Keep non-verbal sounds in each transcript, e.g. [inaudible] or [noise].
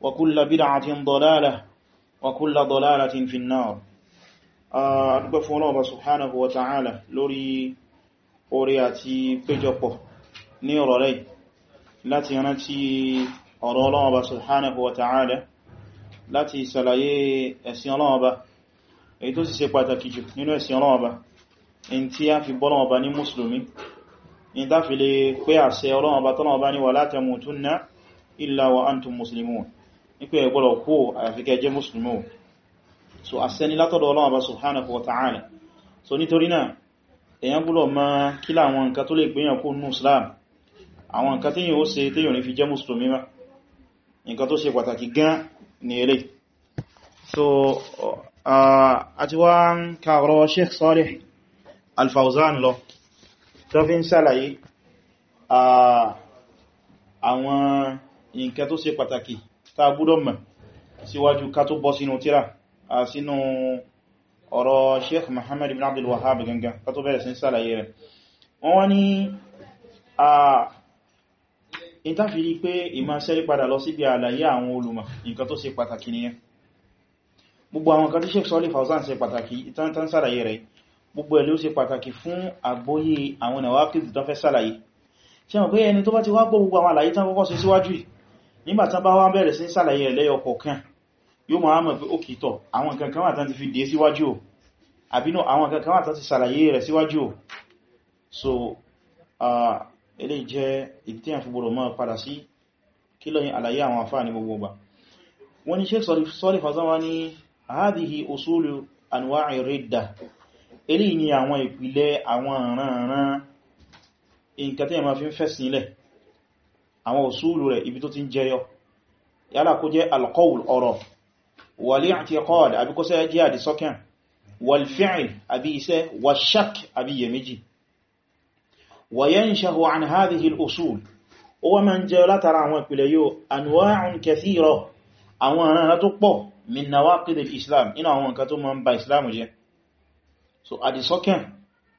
وكل بدعة ضلالة وكل ضلالة في النار أدب فنوب سبحانه وتعالى لوري أورياتي بجبه نير لي التي rántí ọ̀rọ̀ ọlọ́ọba سبحانه وتعالى ta'ala láti sàlàyé ẹ̀sìn ọlọ́ọba èyí tó sì ṣe pàtàkì jù nínú ẹ̀sìn ọlọ́ọba in tí a fi bọ́lọ́ọba ní mùsùlùmí in dáfi lè pé àṣẹ ọlọ́ọba tọ́lọ́ọba ní wala tamutunna illa wa antum muslimun wípé ẹgbọ́lọ̀ kó àyàfikẹ́ jẹ́ mùsùlùmí o so àṣẹni látọ̀dọ̀ Ọlọ́run Ọba subhanahu wa ta'ala so nítorí náà èyàn gbọ́dọ̀ ma kila àwọn nǹkan tó lè gbéyàn kó nù Islam àwọn nǹkan tí yíò ṣe tí yíò ní fi jẹ́ mùsùlùmí ma nǹkan tó ṣe pàtàkì gan ní eré so a ti wá ń kàrọ Sheikh Salih alfauzan lo, lọ tó fi ń ṣàlàyé àwọn nǹkan tó ṣe pàtàkì tá a gbọ́dọ̀ mọ̀ síwájú ká tó bọ́ sínú tírà a sínú ọ̀rọ̀ sheikh Muhammad ibn Abdul Wahhab gangan ká tó bẹ̀rẹ̀ sí sàlàyé rẹ̀ wọ́n wá ní a ìtàfìrí pé ìmá sẹ́rí padà lọ síbi àlàyé àwọn olùmọ̀ nǹkan tó ṣe pàtàkì nìyẹn gbogbo àwọn kan tí sheikh Sọ́lì Fawzan ṣe pàtàkì ìtàntàn sàlàyé rẹ̀ gbogbo ẹ̀ ló ṣe pàtàkì fún àgbóyé àwọn ìwákìtì tó fẹ́ sàlàyé ṣe mọ̀ pé ẹni tó bá ti wá gbọ́ gbogbo àwọn àlàyé tán kọ́kọ́ ṣe síwájú yìí nígbàtán bá wá bẹ̀rẹ̀ sí sàlàyé ẹ̀lẹ́yọ kọ̀ọ̀kan yóò máa mọ̀ pé ó kìtọ̀ àwọn kankan wà tán ti fi dé síwájú o àbínú àwọn kankan wà tán ti sàlàyé rẹ̀ síwájú o so ilé jẹ́ ìtẹ́yàn fi gbọ́rọ̀ máa padà sí kí lọ́yìn àlàyé àwọn afá ní gbogbo ọba wọ́n ni usulu anwa'i ridda eléyìí ni àwọn ìpìlẹ̀ àwọn ìrànràn nǹkan tí a máa fi ń àwọn òsúlù rẹ̀ ibi tó ti ń jẹyọ yálà kó jẹ́ alqawl ọ̀rọ̀ wal-i'tiqad àbí kó sẹ́ jẹ́ àdìsọ́kàn wal-fi'l àbí iṣẹ́ wash-shakk àbí iyèméjì wa yanshahu 'an hadhihi al-usul wá máa jẹ látara àwọn ìpìlẹ̀ yóò anwa'un kathira àwọn àrànà tó pọ̀ min nawaqid al-islam inú àwọn nǹkan tó máa ń ba islam jẹ́ so àdìsọ́kàn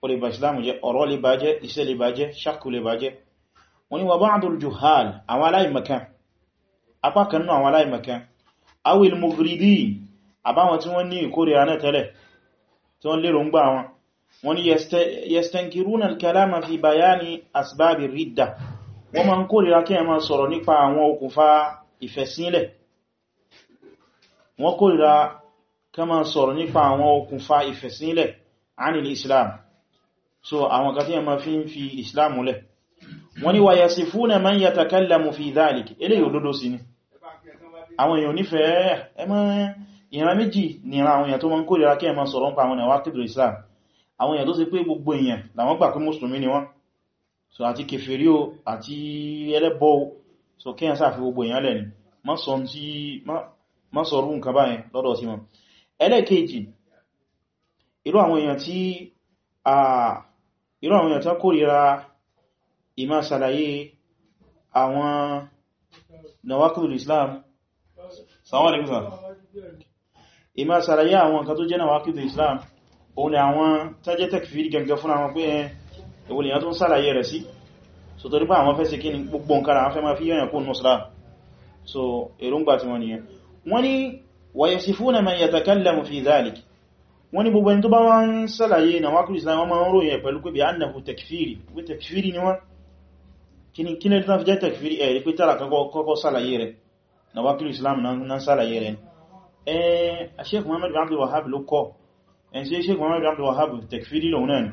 ó lè ba islam jẹ́ ọ̀rọ̀ lè ba jẹ́ iṣẹ́ lè ba jẹ́ shakk lè ba jẹ́ wọ́n ni wa ba'dul juhal àwọn aláìmọ̀kan apá kan náà àwọn aláìmọ̀kan awil mughridi àbáwọn tí wọ́n ní ìkórìíra náà tẹ́lẹ̀ tí wọ́n lérò ń gbà wọn wọ́n ni yastankiruna al-kalama fi bayani asbabi ridda wọ́n ma ń kórìíra kí ẹ ma sọ̀rọ̀ nípa àwọn okùnfà ìfẹ̀sílẹ̀ wọ́n kórìíra kí ẹ so àwọn kan ma fi ń fi islam lẹ̀ wọ́n ní wayasifuna man yatakallamu fi dhalik eléyìí òdodo sí ni àwọn èèyàn nífẹ̀ẹ́ ẹmọ́ ìran méjì nìran àwọn èèyàn tó máa ń kórìíra kí ẹ máa sọ̀rọ̀ ń pa àwọn èèyàn wákìdò Islam àwọn èèyàn tó sì pé gbogbo èèyàn làwọn gbà ìmá sàlàyé àwọn nawaqidul islam sàwọn alẹ́gbùsà ìmá sàlàyé àwọn nǹkan tó jẹ́ nawaqidul islam òun ni àwọn tàjẹ́ tẹ́kfìrí gẹ̀gẹ̀ fún àwọn pé ẹwọ eh, lèyàn tó ń sàlàyé rẹ̀ sí so torí pé àwọn fẹ́ ṣe kí ni gbogbo nǹkan àwọn fẹ́ máa fi yọ́yàn kún islam so èròǹgbà tí wọ́n nìyẹn wọ́n ni wa gbogbo ẹni tó bá wọ́n ń sàlàyé nawaqidul islam wọ́n ń ròyìn pẹ̀lú pé bí annahu takfiri ni wọ́n kíni kíni tó fi jẹ́ tẹ̀kfìrí ẹ̀ rí pé tààrà kọ́kọ́ sàlàyé rẹ̀ na wákìlù islam na sàlàyé rẹ̀ ẹ̀ sheikh muhammad bin abdul wahab ló kọ́ ẹ̀ sí sheikh muhammad bin abdul wahab tẹ̀kfìrí lòun náà ni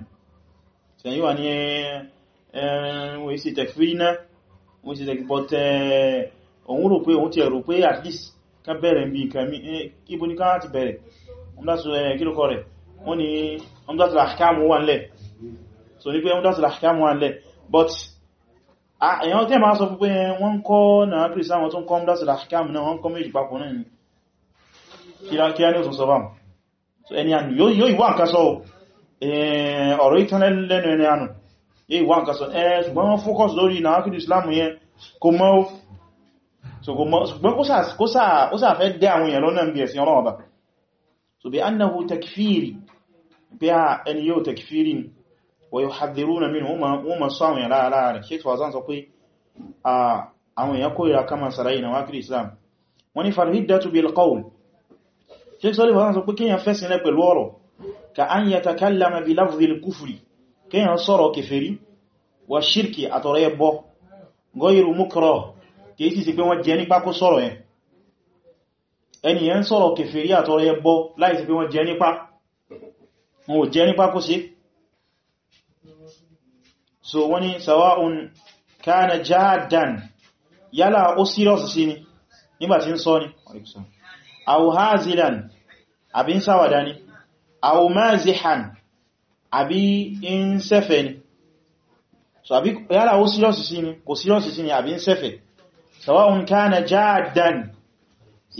sẹ̀yí wà ní ẹ̀ẹ̀wẹ̀ẹ́sì tẹ̀kfìrí náà wọ́n ti tẹ̀kì but òun rò pé òun ti rò pé at least ká bẹ̀rẹ̀ bí nǹkan mi ibo ní ká ti bẹ̀rẹ̀ ọmọdásù kílùkọ rẹ̀ wọ́n ni ọmọdásù àkáàmù wà ń lẹ̀ so ní pé ọmọdásù àkáàmù wà ń lẹ̀ but Ah, èyàn tí ẹ máa sọ fún pé eh, wọ́n ń kọ́ náà kìrì sáwọn tó ń kọ́ mdásílá àkíkàmù náà wọ́n kọ́ méjì papọ̀ náà ni kíra ní òtún sọ́bàm ẹni ànù yóò ìwà nǹkan sọ eh, ọ̀rọ̀ ìtànlẹ́nu ẹni ànù yóò ìwà nǹkan sọ eh, ṣùgbọ́n wọ́n fókọ́s lórí náà kìrì islam yẹn kò mọ́ ṣùgbọ́n ó sà fẹ́ dẹ àwọn èèyàn lọ́nà bí ẹ̀sìn ọlọ́ọ̀bà so bí annahu takfiri bí a ẹni yóò takfiri ni wa yuhadhiruna minhu wọ́n ma sọ àwọn èèyàn láàrá rẹ̀ sheikh fawzan sọ pé àwọn èèyàn kórìíra kama sàráyì na wákìrì islam wọ́n ni falhiddatu bil qawl sheikh sọ́lẹ̀ fawzan sọ pé kíyàn fẹ́sìn lẹ́ pẹ̀lú ọ̀rọ̀ ka an yatakallama bi lafzil kufri kíyàn sọ̀rọ̀ kèfèrí wa shirki àtọ̀rọ̀ ẹbọ gọ́yìrù mukro kìí sì sí pé wọ́n jẹ nípa kó sọ̀rọ̀ so wani sawa'un kana jaddan yala ó serious sí ni nígbàtí ń sọ ni aw hazilan àbí ń ṣàwàdà ni aw mazihan àbí ń ṣẹ̀fẹ̀ ni so àbí yala ó serious sí ni kò serious sí ni àbí ń ṣẹ̀fẹ̀ sawa'un kana jaddan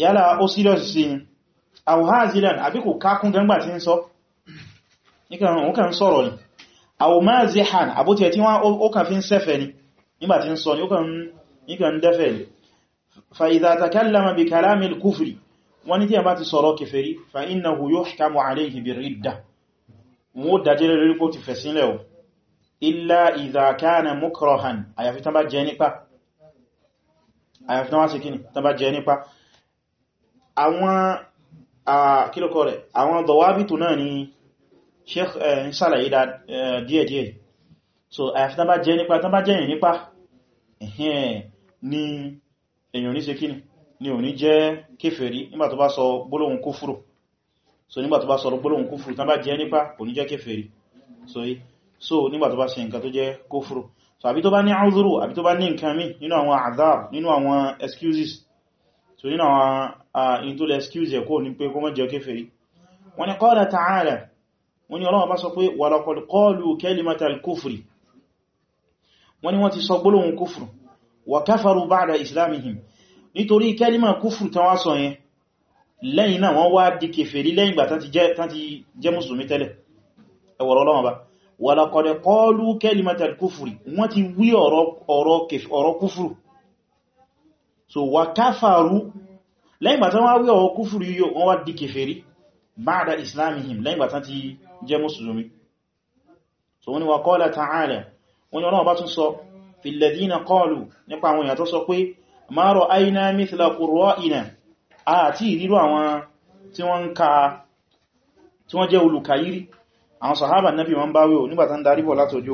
yala ó serious sí ni aw hazilan àbí kò kakun gangbàtí ń sọ ní kan sọ̀rọ̀ ni àwọn máa zí hàn àbútí ẹ̀ tí wọ́n ó kàn fi ń sẹ́fẹ̀ ni nígbàtí ń sọ ni ó kàn ń dẹ́fẹ̀ ni fa idha takallama bi kalamil kufri wọ́n ni tí a bá ti sọ̀rọ̀ kèfèrí fa innahu yuhkamu alayhi bi ridda wọ́n dájẹ́ lórí kó ti fẹ̀sílẹ̀ o illa idha kana sheikh eh, ń ṣàlàyé díẹ̀díẹ̀ eh, so àyàfi tán bá jẹ́ nípa tán bá jẹ́ èyàn nípa ẹ̀hẹ́n ni èyàn ní ṣe kí ni ni ò ní jẹ́ kéfèrí nígbà so. bá sọ gbólóhùn kúfùrù so nígbà tó bá sọ gbólóhùn kúfùrù tán bá jẹ́ nípa kò ní jẹ́ kéfèrí so so nígbà tó bá ṣe nǹkan tó jẹ́ kúfùrù so àbí tó bá ní àúzúrù àbí tó bá ní nǹkan mí nínú àwọn azab nínú àwọn excuses so nínú àwọn ah, in tó lè excuse ẹ̀kọ́ ní pé kó má jẹ́ kéfèrí wọ́n ni qala ta'ala wọ́n ní Ọlọ́run bá sọ pé walaqad qalu kalimatal kufri wọ́n ní wọ́n ti sọ gbólóhùn kúfùrù wa kafaru ba'da islamihim nítorí kẹ́límà kúfùrù tán wá sọ yẹn lẹ́yìn náà wọ́n wá di kèfèrí lẹ́yìn ìgbà tán ti jẹ́ lẹ́yìn ìgbà tán ti jẹ́ mùsùlùmí so wọ́n ni wà qala ta'ala wọ́n ni ọlọ́wọ́ bá tún sọ fil ladhina qalu nípa àwọn èèyàn tó sọ pé ma ra'ayna mithla qurra'ina àti ìrírò àwọn tí wọ́n tí wọ́n jẹ́ olùkayírí àwọn sahaba nabi wọ́n bá wíò nígbàtà ń darí bọ̀ látọjú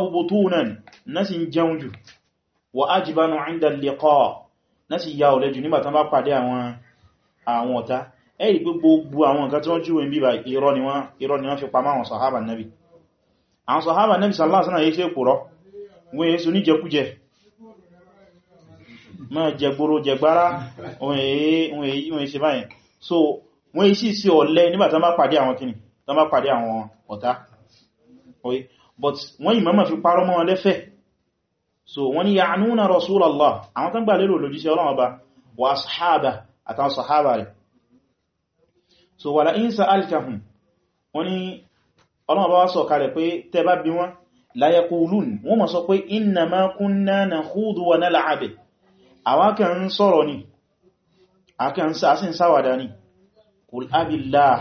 bubutunan náà sì ń jẹun jù wa ajibanu 'inda al-liqa náà sì ya ọ̀lẹ jù nígbàtán bá pàdé àwọn ọ̀tá ẹ̀rì pé gbogbo àwọn nǹkan tí wọ́n júwe ń bí bá irọ́ ni wọ́n fi pamọ́ àwọn sàhábà nabi àwọn sàhábà nabi sallallahu sí èkùrọ́ wọ́n so wọ́n yí sí sí ọ̀lẹ nígbàtán bá pàdé àwọn kìnnì tán bá pàdé àwọn ọ̀tá but wọ́n yìí mọ́mọ̀ fi parọ́ mọ́ wọn so wọ́n ni ya'nuna rasulallah àwọn tán gbà lérò lójíṣẹ́ ọlọ́wọ́ bá wa sahaba àtàwọn sahaba rẹ̀ so wala in sa'altahum wọ́n ni ọlọ́wọ́ bá wá sọ kalẹ̀ pé tẹ bá bí wọ́n la yaqulun wọ́n mọ̀ sọ pé innama kunna nakhudu wa nal'ab àwọn akẹ́ ń sọ̀rọ̀ ni akẹ́ ń sàásìn sáwàdá ni kul abillah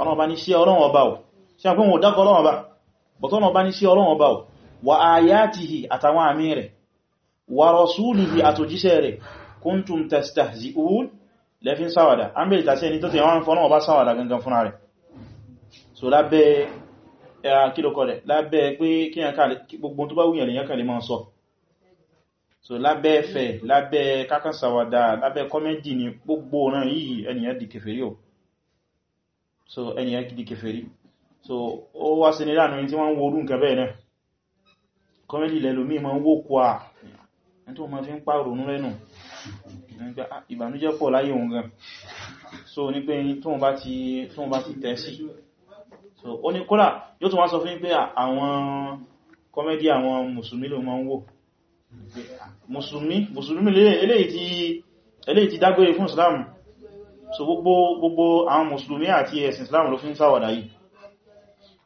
ọlọ́wọ́ bá ní sí ọlọ́wọ́ bá ò sí àpé wọn ò dákọ̀ ọlọ́wọ́ bá bọ̀tọ́nà bá ní sí ọlọ́wọ́ bá ò wa ayatihi àtàwọn àmì wa rasulihi àtòjíṣẹ́ rẹ̀ kuntum tastahzi'un lẹ́fin sawada. an bèèrè tàṣí ẹni tó tẹ̀ wọ́n fọ́nà ọba sáwàdà gangan fúnra rẹ̀ so lábẹ́ kílòkọ rẹ̀ lábẹ́ pé gbogbo tó bá wùyàn lèyàn kan lè máa sọ so lábẹ́ ẹ̀fẹ̀ lábẹ́ kákan sáwàdà lábẹ́ kọ́mẹ́dì ni gbogbo ọ̀ràn yìí ènìyàn di kèfèrí o so ènìyàn di kèfèrí so ó wá sí ní láàrin tí wọ́n ń wo orú nǹkan bẹ́ẹ̀ náà kọ́mẹ́lì lẹ́lòmí ma ń wó kwà tó ma fi ń pààrò ní rẹ̀nù ìbànújẹ́ pọ̀ láyé òun gan so ní pé tóun bá ti tẹ̀ sí so ó ní kódà yóò tún wá sọ fún pé àwọn kọ́mẹ́dì àwọn mùsùlùmí ló ma ń wò mùsùlùmí eléyìí ti dágbére fún Islam so gbogbo gbogbo àwọn mùsùlùmí àti ẹ̀sìn Islam ló fi ń ṣàwàdà yìí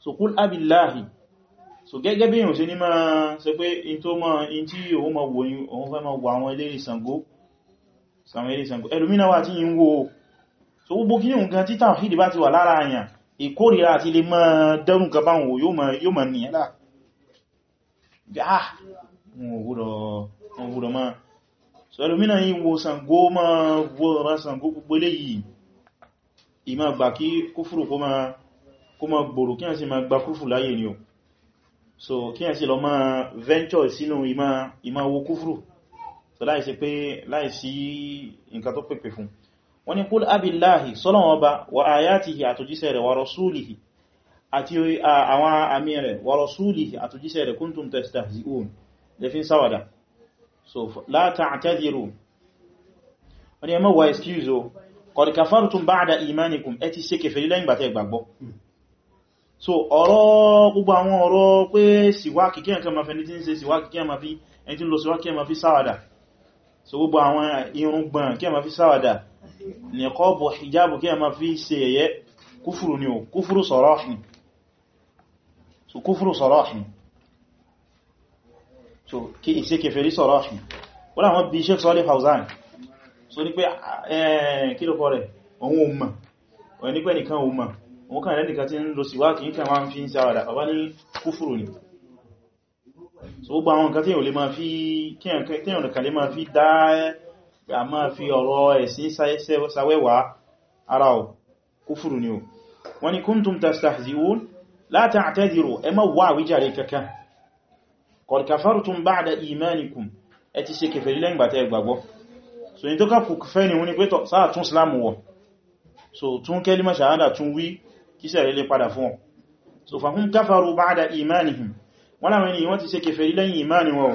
so kúl abillahi so gẹ́gẹ́ bí yíò ṣe ní máa ṣe pé in tó mọ́ in tí òun mọ́ wò ní òun fẹ́ mọ́ wò àwọn ilé ìsàngó ẹlòmínà wà tí yí ń wò so gbogbo kí yíò gan títà ìdí bá ti wà lára àyàn ìkórìíra àti lè mọ́ dẹ́rùn kan báwọn yóò mọ̀ ní ẹ̀lá ẹlòmínà yí wo Ṣàngó mọ́ wo ọ̀rọ̀ Ṣàngó gbogbo eléyìí ìmọ̀ gbà kí kúfùrù kó mọ́ gbòrò kí wọ́n sì ni o so kí ẹ̀ sí lọ máa venture sínú ìmá owó kúfúrù so láìsí pé láìsí nǹkan tó pèpè fún wọ́n ní kúl abillahi sọ́lọ́wọ́ ọba wa ayatihi àtòjíṣẹ́ rẹ̀ wa rasulihi àti àwọn àmì rẹ̀ wa rasulihi àtòjíṣẹ́ rẹ̀ kuntum testahzi'un lè fi sáwàdà so la ta'tadiru wọ́n ní ẹmọ́ wa excuse o qad kafartum ba'da imanikum ẹ ti ṣe kèfèrí lẹ́yìn gbàtẹ́ gbàgbọ́ so ọ̀rọ̀ gbogbo àwọn ọ̀rọ̀ pé síwákì kí ẹ̀kan ma fẹ́ ní tí ń ṣe síwákì kí ẹ ma fi ẹni tí ń lọ síwákì kí ẹ ma fi sáwàdà so gbogbo àwọn irùngbọ̀n kí ẹ ma fi sáwàdà nìkọ́bù hijabu kí ẹ ma fi se ẹ̀yẹ kúfùrù ni o kúfùrù sọ̀rọ̀hìn so kúfùrù sọ̀rọ̀hìn so kí ìṣe kèfèrí sọ̀rọ̀hìn wọ́n àwọn bí Sheikh Salih Fawzan so ní pé kílùkọ́ rẹ̀ òun ò mọ̀ wọn kàn lẹ́nìkan tí ń lo síwá kìí kàn máa ń fi ń sáwàdà bàbá ní kúfùrù ni so gbogbo àwọn nǹkan tíyàn lè máa fi tíyàn kan lè máa fi dá a máa fi ọ̀rọ̀ ẹ̀sìn sawẹ́wà ara ò kúfùrù ni ò wọ́n ni kuntum tastahzi'un la ẹ so tún islam wọ̀ tún wí kíṣẹ̀rẹ̀ lè padà fún ọ so fahum kafaru ba'da imanihim wọ́n láwọn ènìyàn wọ́n ti ṣe kèfèrí lẹ́yìn imani wọn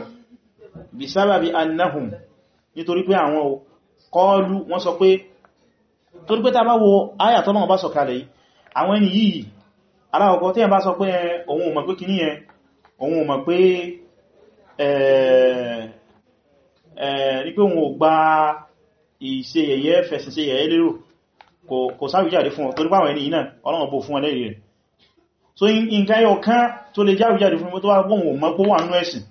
bí sábàbí annahum nítorí pé àwọn kọlu wọ́n sọ pé torí pé ta bá wo àyà tọ́nà bá sọ̀kalẹ̀ yìí àwọn ẹni yìí aláwọ̀kọ́ tí yẹn bá sọ pé eh, òun ò mọ̀ pé kìíní yẹn òun ò mọ̀ pé ní eh, eh, pé òun ò gba ìṣe yẹ̀yẹ́ fẹ̀sìn kò sáwìjáde fún ọ torí ẹni iná ọlọ́wọ́ bó fún ọlẹ́rì rẹ̀ so nǹkan yóò kán tó lè jáwìjáde fún ọmọ tó wá gbóhùn mọ́ pó wà nú ẹ̀sìn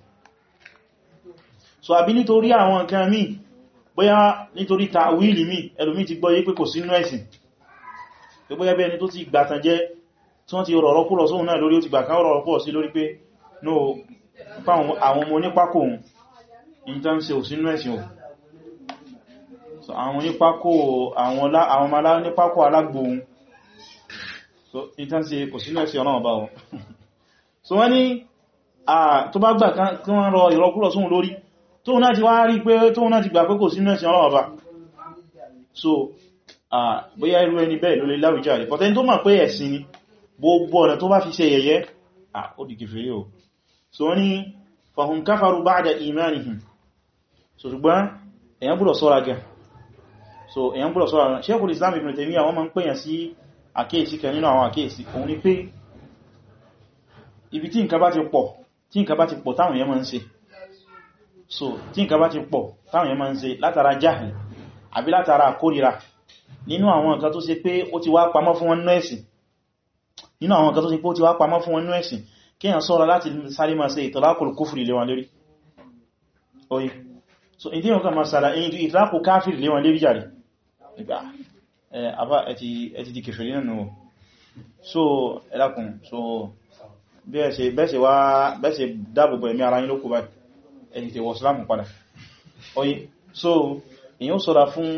so àbí nítorí àwọn nǹkan míì bóyá nítorí tàwílì míì ẹlòmíì ti gbọ́ yé kò sí nú ẹ̀sìn pé bóyá bí tó ti gbàtàn jẹ́ tí wọ́n ti rọ̀rọ̀ kúrọ̀ sóhun náà lórí ó ti gbà kán rọ̀rọ̀ kúrọ̀ sí lórí pé no àwọn ọmọ onípákòhun in tán se ò sínú ẹ̀sìn ò so àwọn onípákó àwọn ọmọlá onípákó alágbóhun so ìtàn sí kò sínú ẹ̀sì ọ̀nà ọba wọn so wọ́n ní tó bá gbà kí wọ́n rọ ìrọkúrọ̀ sóhun lórí tóhun náà ti wá rí pé tóhun náà ti gbà pé kò sínú ẹ̀sì ọ̀nà ọba so bóyá irú ẹni bẹ́ẹ̀ ló lè láwùjá rẹ̀ pọ̀tẹ́ tó mọ̀ pé ẹ̀sìn ni gbogbo ọ̀nà tó bá fi o so wọ́n ní fahum kafaru ba'da imanihim so ṣùgbọ́n èyàn gbọ́dọ̀ sọ́ra gan so èyàn gbọ́dọ̀ sọ́rọ̀ Sheikhul Islam Ibn Taymiyyah wọ́n ma ń pèyàn sí àkíyèsí kan nínú àwọn àkíyèsí òun ni pé ibi tí nǹkan bá ti pọ̀ tí nǹkan bá ti pọ̀ táwọn èèyàn ma ń ṣe so tí nǹkan bá ti pọ̀ táwọn èèyàn ma ń ṣe látara jahil àbí látara kórira nínú àwọn nǹkan tó ṣe pé ó ti wá pamọ́ fún wọn nú ẹ̀sìn nínú àwọn nǹkan tó ṣe pé ó ti wá pamọ́ fún wọn nú kíyàn sọ́ra láti sáré máa ṣe ìtọ́lákùl kúfìrì lé wọn lérí oye so ìdí ìrùn kan ma sàlà èyí ìtọ́lákù lé wọn lérí jàre nígbà àbá ẹti di kèfèrí nínú so ẹlákùn so bẹ́ẹ̀ṣe dáàbòbò ẹ̀mí ara yín ló ẹni tẹ̀wọ̀ Islam padà oye so èyàn sọ́ra fún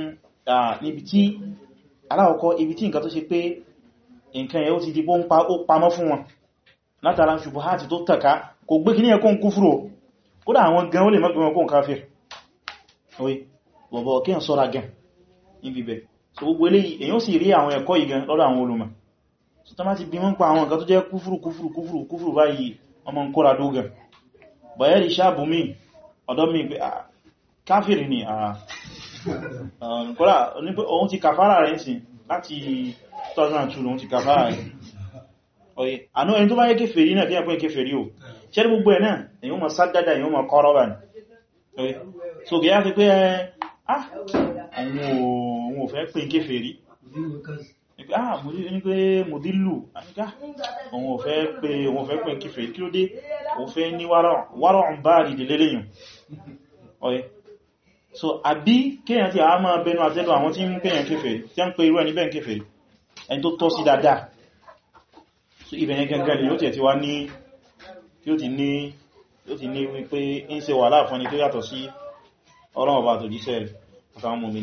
níbi tí aláwọ̀kọ́ ibi tí nǹkan tó ṣe pé nǹkan yẹ ó ti dìbò ń pa ó pamọ́ fún wọn látara ṣubuhati tó tàka kò gbé kí ní ẹkùn kúfúrò kódà àwọn gan ó lè mọ́gbẹ̀mọ́kùn káfíìr oye bọ̀bọ̀ kí n sọ́ra gan níbi bẹ̀ so gbogbo eléyìí èyàn sì rí àwọn ẹ̀kọ́ yìí gan lọ́dọ̀ àwọn olùmọ̀ so tó má ti bí wọ́n pa àwọn nǹkan tó jẹ́ kúfùrù kúfùrù kúfùrù kúfùrù báyìí ọmọ nkóra dógan bọ̀yẹ́ rí sáàbù mí ọ̀dọ́ mi pé ah, káfìrì ni ah. [laughs] um, kọ́lá òun ti kàfàrà rẹ̀ sí láti 2002 òun ti kàfàrà rẹ̀ ọ̀yẹ́ àná ẹni tó bá yẹ kéfèrí náà kíyàpọ̀ kéfèrí o ṣẹ́rí gbogbo ẹ̀ náà èyí ma sádádá èyí ma kọ́rọ̀ bá ní ọ̀yẹ́ so gẹ̀yà eh, ah àwọn òun ò fẹ́ pè kéfèrí ní pé mùdílù àníká òun ò fẹ́ pè òun fẹ́ pè kéfèrí kí ló dé òun fẹ́ ní wárọ̀ ń bá àdìdì lélẹ́yìn ọ̀yẹ́ so àbí kéèyàn ti àá máa bẹnu àtẹ́lù àwọn tí ń pèyàn kéfèrí tí ń pè irú ẹni bẹ́ẹ̀ kéfèrí ẹni tó tọ́ sí dáadáa so ibẹ̀yẹn gẹ́gẹ́ ni yóò tẹ̀ ti wá ní yóò ti ní ó ti ní wípé ń ṣe wàhálà fún ẹni tó yàtọ̀ sí ọlọ́ọ̀bá tó jíṣẹ́ àtàwọn mọ̀mí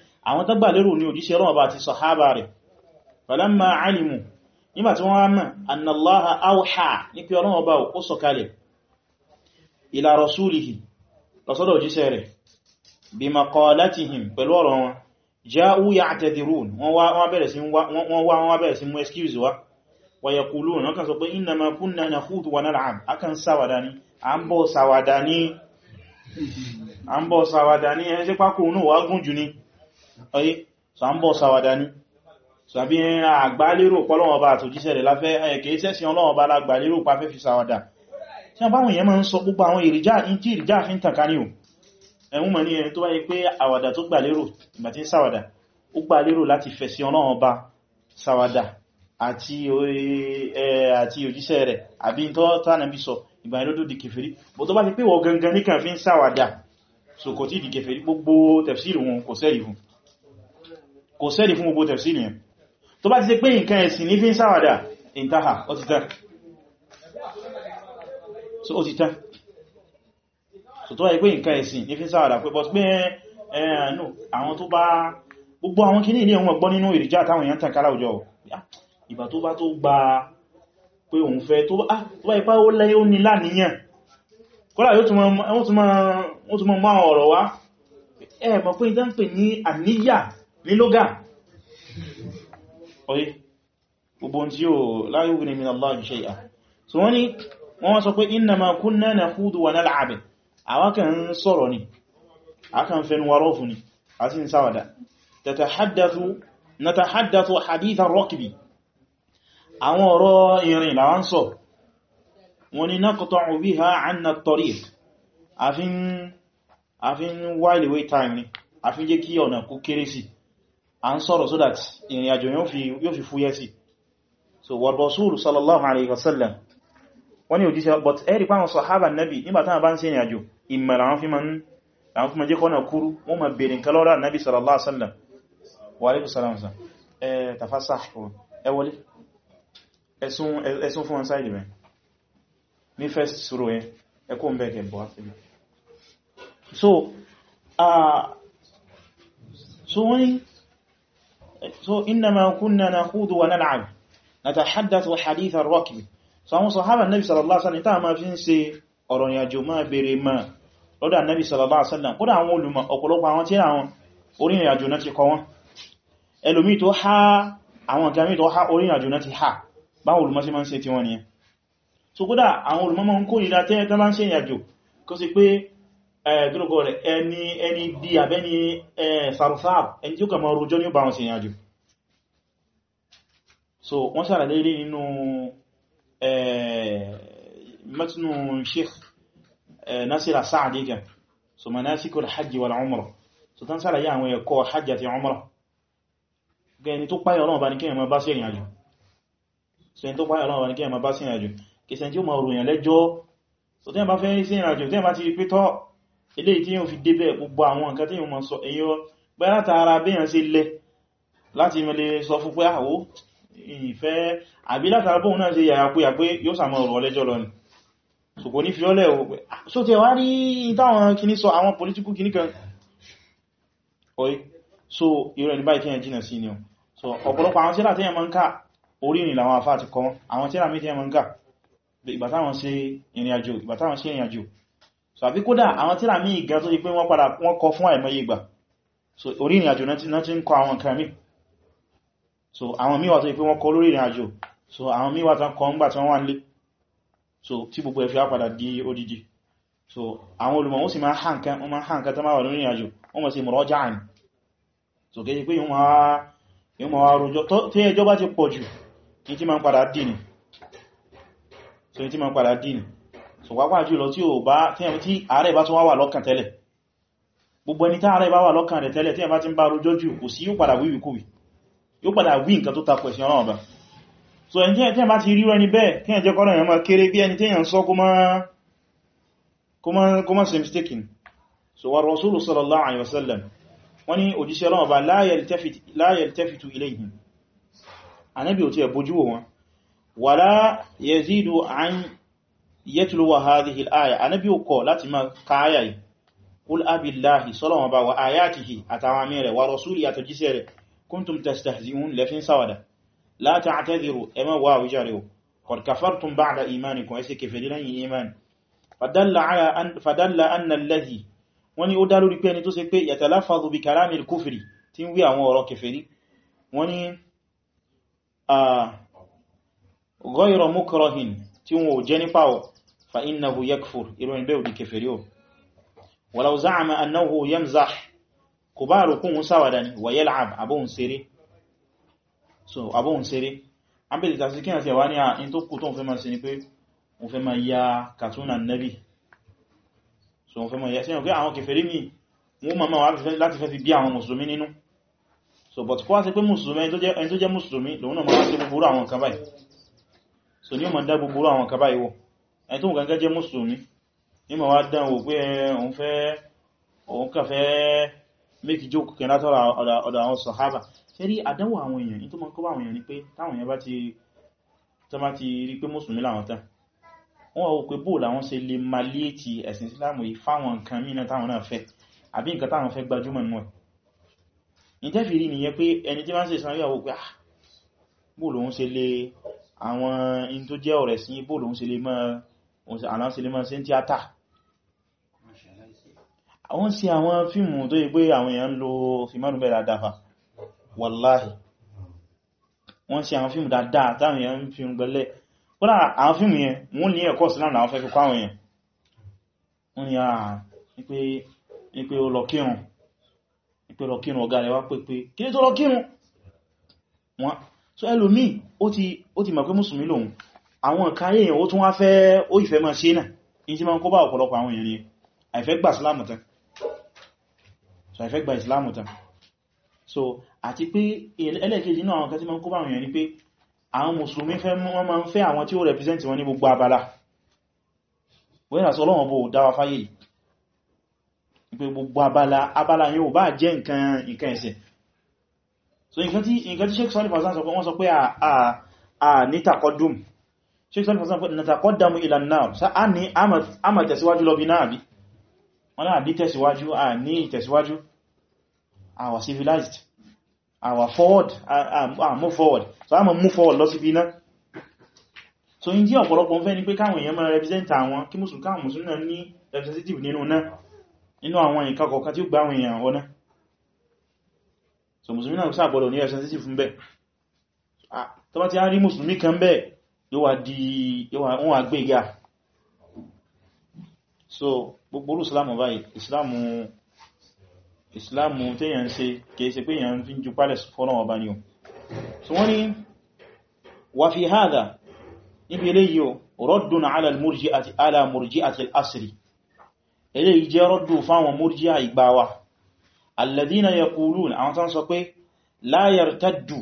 àwọn tó gbà lérò ní òjíṣẹ́ ọlọ́wọ́ bá ti sàhábà rẹ̀ falamma alimu nígbà tí wọ́n mọ̀ annallaha awha ní pé ọlọ́wọ́ bá ó sọ̀kalẹ̀ ila rasulihi lọ́sọ́dọ̀ òjíṣẹ́ rẹ̀ bi maqalatihim pẹ̀lú ọ̀rọ̀ wọn ja'u ya'tadirun wọ́n bẹ̀rẹ̀ sí wọ́n bẹ̀rẹ̀ sọ pé innama kunna nakhudu pákó náà wá gùn jù ni ọyí so a ń bọ̀ sáwàdá ní sàbí àgbálérò pọ́lọ́wọ́ bá àtòjíṣẹ́ rẹ̀ láfẹ́ ẹ̀kẹ́ iṣẹ́sìn ọlọ́wọ́ bá lágbàlérò pàfẹ́ fi sáwàdá tí a bá wọ̀nyẹ́ ma ń sọ gbogbo àwọn ìrìjá tí ìrìjá fi ń tànká ní o ẹ̀hún mọ̀ ní ẹni tó wáyé pé àwàdà tó gbàlérò ìgbà tí ń sáwàdá ó gbàlérò láti fẹ̀sìn ọlọ́wọ́ bá sáwàdá àti òjíṣẹ́ rẹ̀ àbí tó tánàbí sọ ìgbà ìlódó di kèfèrí bó tó bá ti pé wọ gangan níkan fi ń sáwàdá so kò tí di kèfèrí gbogbo tẹ̀fsìrì wọn kò sẹ́rì fún kò sẹ́rì fún gbogbo tẹ̀sí nìyàn tó bá ti ṣe pé nǹkan ẹ̀sìn ní fi ń sáwàdà ìntáhà ó so ó so tó wáyé pé nǹkan ẹ̀sìn ní fi ń sáwàdà pé bọ́ pé ẹ̀ẹ̀nù àwọn tó bá gbogbo àwọn kìíní ilé wọn gbọ́ nínú ìrìjá àtàwọn èèyàn tàn kálá òjò ìbà tó bá tó gba pé òun fẹ́ tó bá ipá ah, ó lẹ́yìn ó ní láníyàn kọ́lá yóò tún mọ́ ọ̀rọ̀ wá ẹ̀ẹ̀mọ̀ pé ìdánpè ní àníyà ní lógá oye gbogbo tí ó láyé obìnrin min Allah shay'a so wọ́n ni wọ́n sọ pé inna ma kunna nakhudu wa nal'ab àwákan sọ̀rọ̀ ni akan fẹ́ nuwarọ́fù ni a sì ń sáwàdá natahaddathu haditha rọ́kìbì àwọn ọ̀rọ̀ ìrìn làwọn sọ wọ́n ni naqta'u biha 'anna at-tariq àfin àfin time ni àfin jẹ́ kí ọ̀nà kó kéré a ń sọ̀rọ̀ so that ìrìn àjò yóò fi fúyẹ́ sí so war rasul sallallahu alaihi wasallam wọ́n ni òjíṣẹ́ but ẹ̀rì pàwọn sahaba nabi nígbàtá bá ń ṣe ìrìn àjò ìmẹ̀lẹ̀ àwọn fi ma jẹ́ kọ́nà kúrú wọ́n ma bèèrè nǹkan lọ́rọ̀ nabi sallallahu alaihi wasallam wa alaikum salam sa eh tafasah ẹ wọlé ẹ̀sùn ẹ̀sùn fún wọn sáìdì rẹ̀ ní first suro yẹn ẹkọ́ ń bẹ́ẹ̀kẹ̀ bọ̀ áfẹ́lẹ̀ ah, so wọ́n so innama kunna nakhudu wa nal'ab natahaddathu hadith ar-rakb so àwọn sahaba nabi sallallahu alaihi wasallam ta ma fi ń ṣe ọ̀rọ̀ ní àjò ma bere ma lọ́dọ̀ nabi sallallahu alaihi wasallam kódà àwọn olùmọ̀ ọ̀pọ̀lọpọ̀ àwọn tí àwọn orin ìrìn àjò náà ti kọ wọn ẹlòmí tó há àwọn gami tó há orin àjò náà ti há bá olùmọ̀ sí ma ń ṣe tí wọ́n ni so kódà àwọn olùmọ̀ ma ń kó ìdá tẹ́ tẹ́ bá ń ṣe ìrìn àjò kó sì pé gílùkọ́ eh, rẹ̀ ẹni ẹni bí àbẹ́ni farfar ẹni tí ó kàmọ̀ rojọ́ ní ó bá wọn sí ìyànjú so wọ́n sára lérí nínú eh, mẹ́tínú sheikh eh, nasir so kan so manasikul hajji wal umra so tán sára yí àwọn ẹ̀kọ́ hajji àti umra gẹni tó páyọ̀ ọlọ́wọ́ bá ní kíyàn ma so ẹni tó páyọ̀ ọlọ́wọ́ bá ní kíyàn ma bá sí ìrìnàjò kìsẹ̀ tí ó so tí wọ́n bá fẹ́ sí ìrìnàjò tí ilé tí yíò fi débẹ̀ gbogbo àwọn nǹkan tí yíò mọ̀ sọ èyí ọ pẹ́ láta ara bíyàn sí lẹ láti mẹ́lẹ̀ sọ fún pé àwó ìfẹ́ àbí látara bóhun náà ṣe yàyà kúyà pé yóò sàmọ́ ọ̀rọ̀ ọlẹ́jọ́ lọ ni sòkò ní fi ọlẹ́ ò pẹ́ so tẹ wá rí táwọn kìíní sí ni so àbí kódà àwọn tíra mí ìgá tó yí pé wọ́n padà wọ́n kọ fún àìmọye ìgbà so orí ìrìn àjò náà ti ń kọ àwọn nǹkan mí so àwọn míwà tó yí pé wọ́n kọ lórí ìrìn àjò so àwọn míwà tán kọ ńgbà tí wọ́n wà ń lé so tí gbogbo ẹ̀fì àpadà di odidi so àwọn olùmọ̀ ó sì máa hàn kan ó máa hàn kan tó máa wà lórí ìrìn àjò ó mọ̀ sí mọ̀rọ́jà àní so kéjì pé yíò máa wá rojọ́ tí ẹjọ́ bá ti pọ̀ jù ní tí máa ń padà dì ní so wápá jùlọ tí ó bá tí ààrẹ bá tún wá wà lọ́kàn tẹ́lẹ̀ gbogbo ẹni tí ààrẹ bá wà lọ́kàn rẹ̀ tẹ́lẹ̀ tí ẹ bá ti ń bá rojọ́ jù kò sí yóò padà wí ìwìkúwì yóò padà wí nǹkan tó takò ẹ̀sìn ọlọ́run ọba so ẹni tí ẹ bá ti rí ẹni bẹ́ẹ̀ kí ẹjẹ́ kọ́rọ̀ ẹ̀yàn máa kéré bí ẹni tí èyàn sọ kó má ṣe mistake ni so yatluwa hadhihi al-aya anábí ò kọ̀ láti máa káyà yìí qul abillahi sọ́lọ̀wọ̀n bá wa ayatihi àtàwọn àmì rẹ̀ wa rasuli àtọ̀jíṣẹ́ rẹ̀ kuntum tastahzi'un lẹ́fin sáwàdà la ta'tadhiru ẹmọ́ wà wíjàre tí wọn ò jẹ́ nípa ọ̀ fa innahu yakfur ìròyìn bẹ́ẹ̀ òdí kèfèrí ò walau za'ama annahu yamzah kò bá rukun sáwàdà ni wa yal'ab abóhun seré so abóhun seré an bèèrè tàbí kí àti àwá ní à in tó kù tó ń fẹ́ máa ṣe ni pé wọ́n fẹ́ máa ya katuna nabi so wọ́n fẹ́ but kó wá sí pé mùsùlùmí tó jẹ́ mùsùlùmí lòun náà máa wá sí gbogbo àwọn kan báyìí so ní o ma dá gbogbo àwọn kaba ìwò ẹni tó gangan jẹ́ mùsùlùmí ní ma wá dán wò pé eh, òun fẹ́ òun kà fẹ́ méjì jókù kẹ látọ́rọ ọ̀dọ̀ àwọn sàhábà ṣe rí àdánwò àwọn èèyàn ní tó ma kọ́ àwọn èèyàn ni pé táwọn èèyàn bá ti tọ́má ti rí pé mùsùlùmí làwọn tán wọ́n wọ́n pé bóòlù àwọn ṣe lè maliétì ẹ̀sìn na yìí fáwọn nǹkan mìíràn táwọn náà fẹ́ àbí nǹkan táwọn fẹ́ gbajúmọ̀ nù ẹ̀ ìtẹ́fì rí nìyẹn pé ẹni tí máa ń ṣe ìsìnàríyàwó pé ah bóòlù òun ṣe lè àwọn in tó jẹ́ ọ̀rẹ̀ sí ibò lóun se lè mọ́ sí tíátà àwọn sí àwọn fíìmù tó yẹ pé àwọn èèyàn lo fìmánù bẹ̀rẹ̀ àdáfà wàláhì wọ́n sí àwọn fíìmù dáadáa táwọn èèyàn fi ń gbẹ̀lẹ̀ kódà àwọn fíìmù yẹn wọ́n ní ẹ̀kọ́ sílámù àwọn fẹ́ fi kọ́ àwọn èèyàn wọ́n ní àà ní pé ó lọ kírun ọ̀gá rẹ̀ wá pé pé kí ní so ẹlòmí ó ti mọ̀ pé mùsùlùmí lòun àwọn ǹkan ayé èyàn ó tún wá fẹ́ ó ìfẹ́ máa ṣe náà in ti máa ń kó bá ọ̀pọ̀lọpọ̀ àwọn èèyàn ni àìfẹ́ gba ìsìláàmù tán so àìfẹ́ gba ìsìláàmù tán so ati pe ẹlẹ́ẹ̀kejì náà àwọn kan tí máa ń kó bá àwọn èèyàn ni pé àwọn mùsùlùmí fẹ́ wọ́n máa ń fẹ́ àwọn tí ó represent wọn ní gbogbo abala wọ́n yà sọ ọlọ́wọ́n bó dáwà fáyé pé gbogbo abala abala yóò bá jẹ́ nǹkan ẹ̀sẹ̀ so nǹkan tí nǹkan tí sheik salif hasan sọ pé wọ́n sọ pé a ah, ah, ah, ní takọ́dùm sheik salif hasan pé na takọ́dàmù ilan náà sa a ní a ma tẹ̀síwájú lọ bí náà bí wọ́n náà ní tẹ̀síwájú a ní civilized our forward a a move forward so a move forward lọ sí so in jí ọ̀pọ̀lọpọ̀ ń fẹ́ ni pé káwọn èèyàn máa represent àwọn kí mùsùlùmí káwọn mùsùlùmí náà ní representative nínú náà nínú àwọn ìkàkọ̀ọ̀kan tí ó gbá àwọn èèyàn wọn náà so musulmi náà sàgbọ́dọ̀ ní sensitive fún bẹ́ tó bá ti á rí musulmi kan bẹ́ yóò di yóò wá gbé ìgá so gbogbo orú islamu báyìí islamu islamu tí èyàn ṣe kìí pé èyàn fi ń ju palace fọ́nà ọba ni o so wọ́n ni wà fi hádà níbi eléyìí o rọ́dùn ala murji'ati ala murji'ati al-asri eléyìí jẹ́ rọ́dù fáwọn murji'a ìgbàwà alladhina yaqulun àwọn tán sọ pé la yartaddu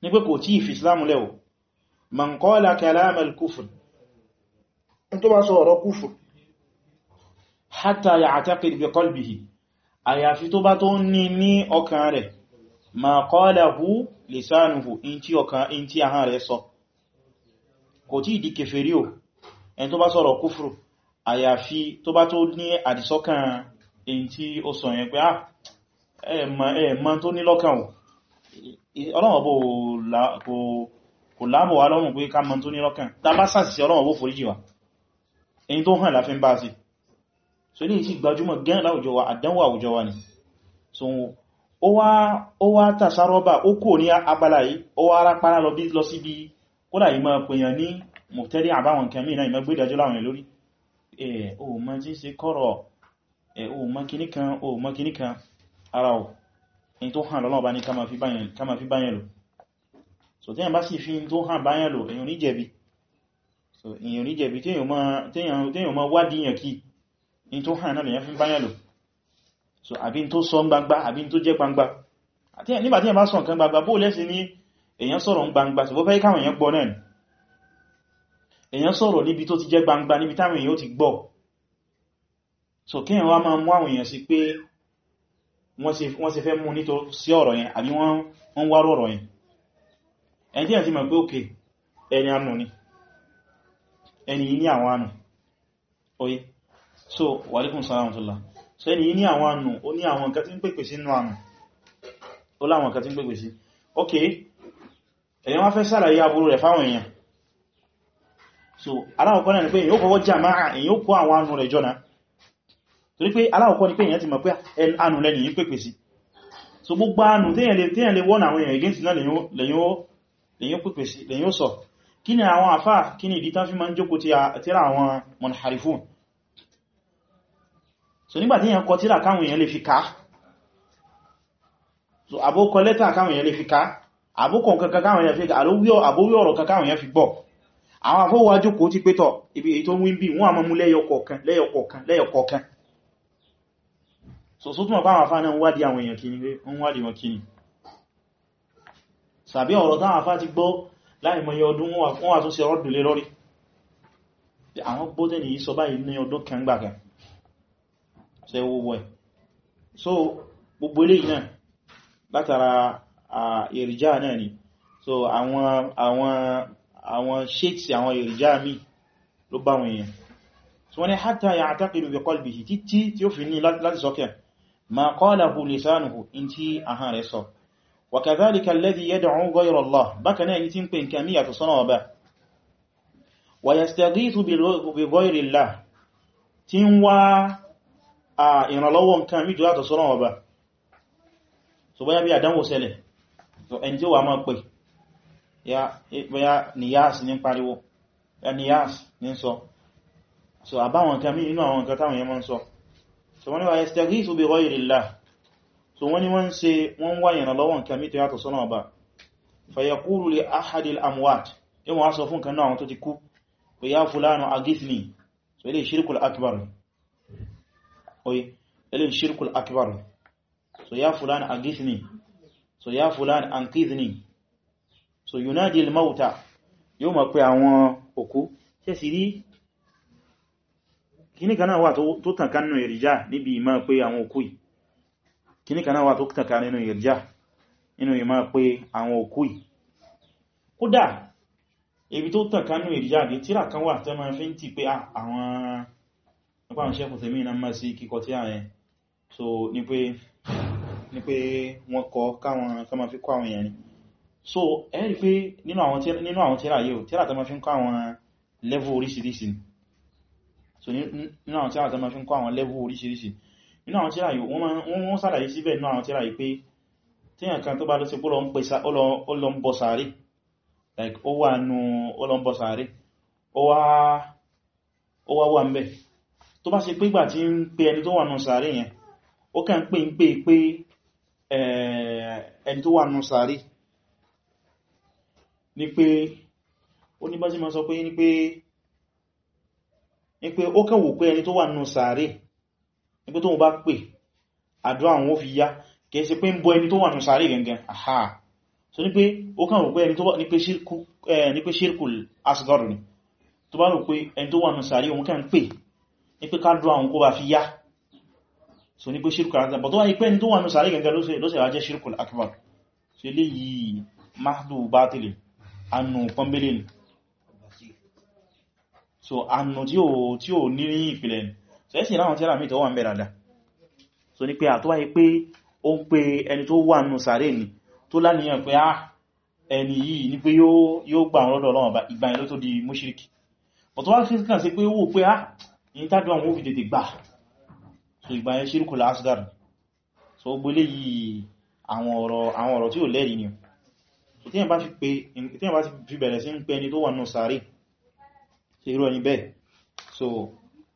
ní pé kò tí ìfi islamu lẹ́wọ̀ man qala kalama al-kufr in tó bá sọ ọ̀rọ̀ kúfù hatta ya'taqid bi qalbihi àyàfi tó bá tó ní ní ọkàn rẹ̀ ma qalahu lisanuhu in tí ọkàn in tí ahán rẹ̀ sọ kò tí ìdí kèfèrí o tó bá sọ̀rọ̀ kúfù àyàfi tó bá tó ní àdìsọ́kàn èyí tí ó sọ yẹn pé ah, ẹ̀ẹ̀mọ́ tó ní lọ́kàn ọlọ́wọ̀bó kò láàbò wá lọ́rùn pé ká mọ́ tó ní lọ́kàn tàbá sàṣìṣì ọlọ́wọ̀bó foríjì wa èyí tó hàn láfin bá sí so ní ìsì gbajúmọ̀ gẹ́n láwùjọ wa àdánwò àwùjọ wa ni so ó wá tàṣárọ́bà ó kò ní abala yìí ó wá rápárá lọ sí bí kódà yìí máa pèèyàn ní mọ̀tẹ́lẹ̀ àbáwọn kẹmí náà ìmọ̀ gbé ìdájọ́ láwọn lórí ẹ̀ẹ́ o mọ́ tí ń kọ́rọ̀ o makini kan o makini kan ara o in tó hàn lọ́nà ọba so tí yàn bá sì fi tó hàn èyàn ní jẹ̀bi so èyàn ní jẹ̀bi tí yàn ma wádìí yàn kí in tó hàn náà so àbí tó sọ gbangba àbí tó jẹ́ gbangba nígbà tí yàn bá sọ nǹkan gbangba bó lẹ́sì ní èyàn sọ̀rọ̀ gbangba so bó fẹ́ káwọn èyàn gbọ́ náà èyàn sọ̀rọ̀ níbi tó ti jẹ́ gbangba níbi táwọn èyàn ó ti gbọ́ so kí wọ́n máa mú àwọn èèyàn sí pé wọ́n ṣe fẹ́ mú nítorí sí ọ̀rọ̀ yẹn àbí wọ́n wárò ọ̀rọ̀ yẹn ẹni tí a ti mọ̀ pé òkè ẹni anù ni ẹni yìí ní àwọn anù oye so wàlékún sàrámùtọ́lá so ẹni yìí ní àwọn anù ó ní àwọn nǹkan tí ń pèpè sí inú anù ó láwọn nǹkan tí ń pèpè sí ok èyàn wá fẹ́ sàlàyé aburú rẹ̀ fáwọn èèyàn so aláwọ̀kọ́ náà ni pé èyàn ó kọ́kọ́ jàmáà èyàn ó kó àwọn anù rẹ̀ jọ́nà torí pé aláwọ̀kọ́ ni pé èyàn ti mọ̀ pé ànù lẹ́ni yìí pèpè sí so gbogbo ànù téyàn lè wọ́n àwọn èyàn against náà lẹ́yìn pèpè sí lẹ́yìn ó sọ kí ni àwọn àfá kí ni ìdí tán fi máa ń jókòó tíra àwọn monharifun so nígbà téyàn kọ tíra káwọn èyàn lè fi ká so àbókọ lẹ́tà káwọn èyàn lè fi ká àbókọ kankan káwọn èyàn afọ́wọ́ ajókòó ti pétọ̀ ibi èyí tó ń wí bí wọ́n a mọ́ mú lẹ́yọkọ̀ọ̀kan lẹ́yọkọ̀ọ̀kan so so túnmọ̀ báwọn afá náà wádìí àwọn èèyàn kìíní ń wádìí wọn kìíní sàbí ọ̀rọ̀ táwọn afá ti gbọ́ láì mọ̀ yẹ ọdún wọ́n wà tó ṣe ọ̀rọ̀ dùlé lórí àwọn gbótẹ́ ni sọ báyìí ní ọdún kan gbà kan ṣe owó ẹ̀ so gbogbo ilé náà látara èrìjá náà ni so àwọn àwọn àwọn sheikhs àwọn èrìjá mi ló bá wọn èèyàn so wọ́n ni hátà yà àtàkìlù bi qalbihi títí ti ó fi ní láti ما قاله لسانه انتي اهان رسو وكذلك الذي يدعو غير الله بكنا يتين بين كمية صنوبة ويستغيث بغير الله تنوى ìrànlọ́wọ́ nǹkan mí jù látọ̀ sọ́rọ̀ ọba so bóyá bí a ṣẹlẹ̀ so ẹni tí ó wà máa pè bóyá niyas ní pariwo niyas ní sọ so àbáwọn nǹkan mí inú àwọn táwọn yẹn ń sọ so so wọ́n ni wà yastaghiithu bi ghayri Allah so wọ́n ni wọ́n ṣe wọ́n wá ìrànlọ́wọ́ nǹkan mítí yàtọ̀ sọ́nà ọba fayaqulu li ahadil amwat yíò wọ́n sọ fún kan náà tó ti kú pé ya fulano agithni so ilé shirkul akbar oye ilé shirkul akbar so ya fulano agithni so ya fulano anqidhni so yunadi al-mauta yóò mọ̀ pé àwọn òkú ṣe sì rí kíní kanáà wà tó tànká nínú ìrìjá níbi ìmá pé àwọn òkú yìí kíní kanáà wà tó tànká nínú ìrìjá nínú ìmá pé àwọn òkú yìí kódà ibi tó tànká nínú ìrìjá kan wà ma fi ń ti pé ah, àwọn nípa àwọn sẹ́kù tèmí má sí kíkọ so ní pé wọ́n kọ káwọn kọ so tẹ́ fi kọ àwọn so nínú àwọn tíra tó ma fi ń kọ́ àwọn level oríṣiríṣi nínú àwọn tíra yìí wọ́n mú sàlàyé síbẹ̀ nínú àwọn tíra yìí pé tíyàn kan tó bá lọ sí tó bá ṣe pé ìgbà tí ń pe ẹni tó wà nù sàárè yẹn ó kàn pè ń pè pé ẹni tó wà nù sàárè ni pé ó ní bá sí ma sọ pé ní pé ní pé ó kàn wò pé ẹni tó wà nínú sàárè ní pé tóun bá pè àdúrà àwọn ó fi yá kìí ṣe pé ń bọ ẹni tó wà nínú sàárè gangan àhá so ní pé ó kàn wò pé ẹni tó wà ní pé ṣírkù asgar ni tó bá rò pé ẹni tó wà nínú sàárè òun kàn pè ní pé kádùn so ànà tí ó tí ó ní ní ìpìlẹ̀ ni so ẹ́sìn láwọn tírà mi tó wà ń bẹ̀rẹ̀ dà so ní pé àtọ́wáyé pé ó ń pe ẹni tó wà nù sàárè ni tó láníyàn pé á ah, ẹni yìí ní pé yóò gbà àwọn lọ́dọ̀ ba ìgbà yẹn ló tó di múṣíríkì but wá fi se sí pé ó pé á yìí tájú àwọn òfin tètè gbà so ìgbà yẹn ṣírùkù lásìdàr so ó gbélé yìí àwọn ọ̀rọ̀ tí ò lẹ́rìí ni so tí yẹn bá fi bẹ̀rẹ̀ sí ń pe ni tó wà nù sàárè so irú ẹni bẹ́ẹ̀ so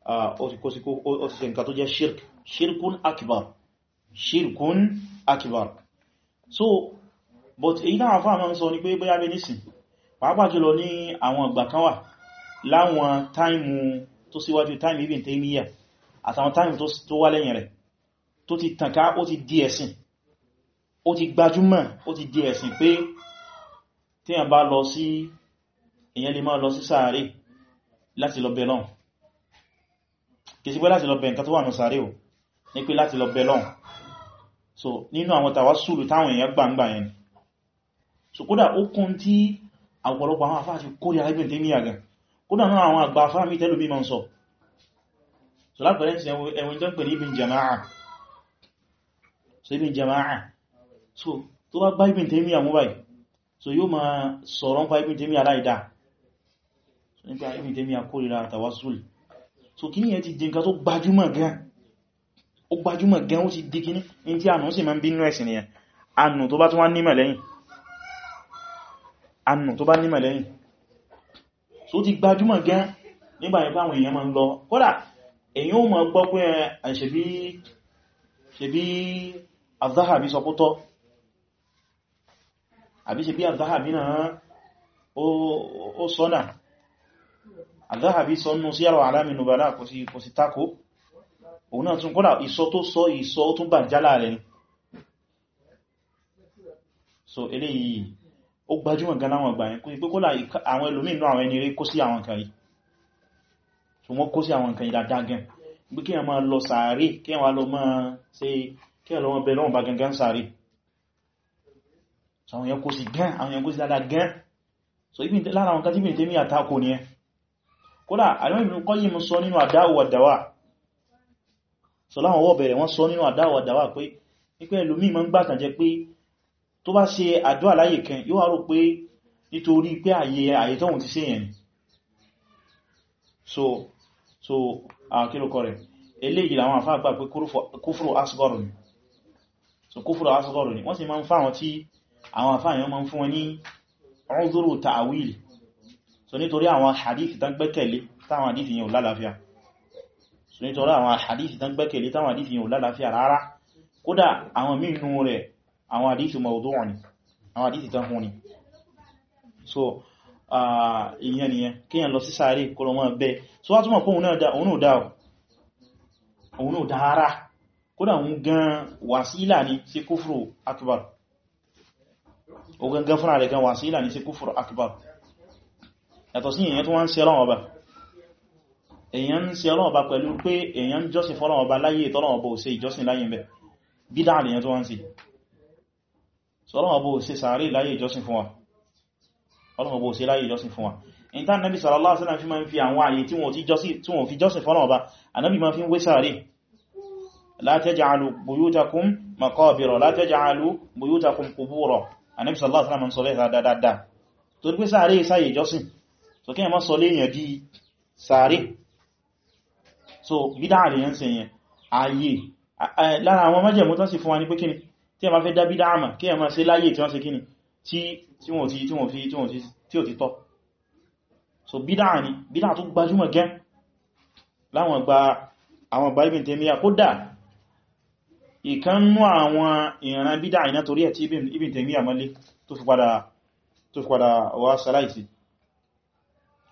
ó ti ṣe nǹkan tó jẹ́ shirk shirkun akbar shirkun akbar so but èyí náà àfáà máa ń sọ ní pé bóyá bẹ́ nísìn pàápàá jùlọ ní àwọn ìgbà kan wà láwọn táìmù tó síwájú táìmù Ibn Taymiyyah àtàwọn táìmù tó wá lẹ́yìn rẹ̀ tó ti tànká ó ti di ẹ̀sìn ó ti gbajúmọ̀ ó ti di ẹ̀sìn pé tí èyàn bá lọ sí èyàn lè máa lọ sí sàárè láti lọ bẹ̀lọ́n kì sí pé láti lọ bẹ̀ nǹkan tó wà ní sàárè ò ní pé láti lọ bẹ̀lọ́n so nínú àwọn tàwásùlù táwọn èèyàn gbangba yẹn so kódà ó kún tí ọ̀pọ̀lọpọ̀ àwọn afá ti kórí arábìn tèmi àgàn kódà náà àwọn àgbà afá mi tẹ́lú bí ma ń sọ so lápẹ̀rẹ́ ti ẹwọ́n jẹ́ pẹ̀lú jama'a so ibn jama'a so tó bá bá ibn tèmi àmúbáyì so yóò ma sọ̀rọ̀ ń pa ibn tèmi aláìdáa nípa ibi tẹ́mi àkórìíra àtàwásùl so kí ní ẹ ti di nǹkan tó gbajúmọ̀ gan ó gbajúmọ̀ gan ó ti di kíní in tí ànù sì máa ń bínú ẹ̀sìn nìyàn ànù tó bá tún wá nímọ̀ lẹ́yìn ànù tó bá nímọ̀ lẹ́yìn so ó ti gbajúmọ̀ gan nígbà yẹn báwọn èèyàn máa ń lọ kódà èyí ó máa gbọ́ pé àṣẹbí ṣebí azahabi sọ pútọ́ àbí ṣebí azahabi náà ó sọ́nà Al-Dhahabi sọ́nú sí yàrá A'lam an-Nubala kò sí tako òun náà tún kọ́lá ìsọ tó sọ ìsọ tún bà jálà rẹ̀ ni so eléyìí ó gbajúmọ̀ gan láwọn ọgbà yẹn pé kọ́lá àwọn ẹlòmí inú àwọn ẹni rí kó sí àwọn kan yìí so wọ́n kó sí àwọn kan yìí dáadáa gan bí kí ẹmọ lọ sàárè kí ẹwà so àwọn yẹn kó sí gan àwọn so lára àwọn kan tí bí i tẹ́mí kódà àwọn Ibn Qayyim sọ nínú ad dawa sọ láwọn ọwọ́ bẹ̀rẹ̀ wọ́n sọ nínú ad dawa pé nípẹ́ ẹlòmí ma ń gbàtànjẹ́ pé tó bá ṣe àdúà láyé kan yóò rò pé nítorí pé àyè àyè tóhun ti ṣe yẹn so so àkílùkọ rẹ̀ eléyìí làwọn àfá àgbà pé kúfùrù so kúfùrù asgọ́rù ni wọ́n sì ma ń fáwọn tí àwọn àfá so nítorí àwọn hadith tán gbẹ́kẹ̀lé táwọn hadith yìí ò lálàáfíà so nítorí àwọn hadith tán gbẹ́kẹ̀lé táwọn hadith yìí ò lálàáfíà rárá kódà àwọn mínú rẹ̀ àwọn hadith mawdu'un ni àwọn hadith tán hún ni so ìyẹn nìyẹn kíyàn lọ sí sáré kọlọ mọ́ bẹ́ so wá túnmọ̀ pé òun ò dá òun ò dára kódà òun gan wàsílà yàtọ̀ sí èyàn tó wá ń ṣe ọlọ́wọ́ ọba èyàn ń ṣe ọlọ́wọ́ ọba pẹ̀lú pé èyàn jọ́sìn fọ́lọ́wọ́ ọba láyé ìtọ́lọ́wọ́ ọba ò ṣe ìjọ́sìn láyé ń bẹ̀ bídá àlèyàn tó wá ń ṣe ọlọ́wọ́ ọba ò ṣe sàárè láyé ìjọ́sìn fún wa ọlọ́wọ́ ọba ò ṣe láyé ìjọ́sìn fún wa ìta nàbí sallallahu alaihi wasallam fi máa ń fi àwọn àyè tí wọ́n fi jọ́sìn fọ́lọ́wọ́ ọba anábì máa fi ń wé sàárè la taj'alu buyutakum maqabira la taj'alu buyutakum qubura so kí ẹ mọ́ sọ léyàn di sàárè so bídá àríyàn sí yẹn ayé lára àwọn májẹ̀mú tán sì fún wa ní pé kíni tí ẹ ma fẹ́ dá bídá àmà kí ẹ ma ṣe láyé tí wọ́n ṣe kíni tí wọ́n ti tí wọ́n fi tí ò ti tọ́ so bídá ni bídá tó gbajúmọ̀ gẹ́ láwọn gba àwọn gba ibn tèmíyà kódà ìkannú àwọn ìran bídá ìná torí ẹ̀ tí ibn tèmíyà mọ́lé tó fi padà wá sáláìsì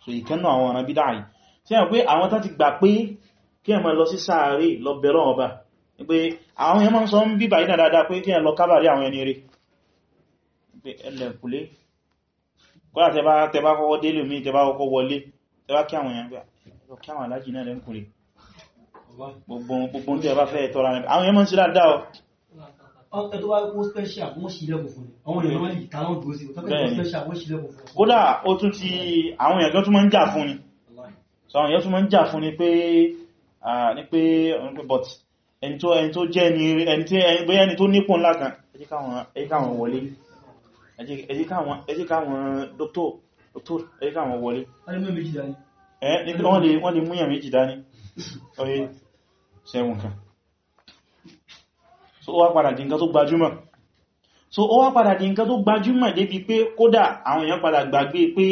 so ìkẹ́nà àwọn ọ̀nà bídá yìí tí a pé àwọn tán ti gbà pé kí ẹ máa lọ sí sàárè lọ bẹ̀rọ ọba pé àwọn yẹn máa ń sọ ń bíbà yìí dáadáa pé kí ẹ lọ kábàrí àwọn ẹni rẹ̀ pé ẹlẹ̀kùlé kọ́lá tẹbá kọ́kọ́ délé mi tẹbá kọ́kọ́ wọlé tẹbá kí àwọn èèyàn gbà lọ kí àwọn alájì náà lẹ́kùnrin gbogbo ń tẹbá fẹ́ tọ́ra àwọn yẹn máa ń sí dáadáa ẹ̀tọ́ wá kó special wọ́n sí lẹ́kùn fún àwọn èèyàn wọ́n lè tàwọn dúró sí ọ̀tọ́ kó special wọ́n sí lẹ́kùn fún kódà ó tún ti àwọn èèyàn tún máa ń jà fún ni so àwọn èèyàn tún máa ń jà fún ni pé ní pé but ẹni tó ẹni tó jẹ́ ni ẹni tí ẹni bóyá ẹni tó nípò ńlá kan ẹ jẹ́ káwọn wọlé ẹ jẹ́ káwọn doctor doctor ẹ jẹ́ káwọn wọlé wọ́n lè múyàn méjì dání ọyẹ́ sẹ́wọ̀n so ó wá padà di nǹkan tó gbajúmọ̀ so ó wá padà di nǹkan tó gbajúmọ̀ débi pé kódà àwọn èèyàn padà gbàgbé pé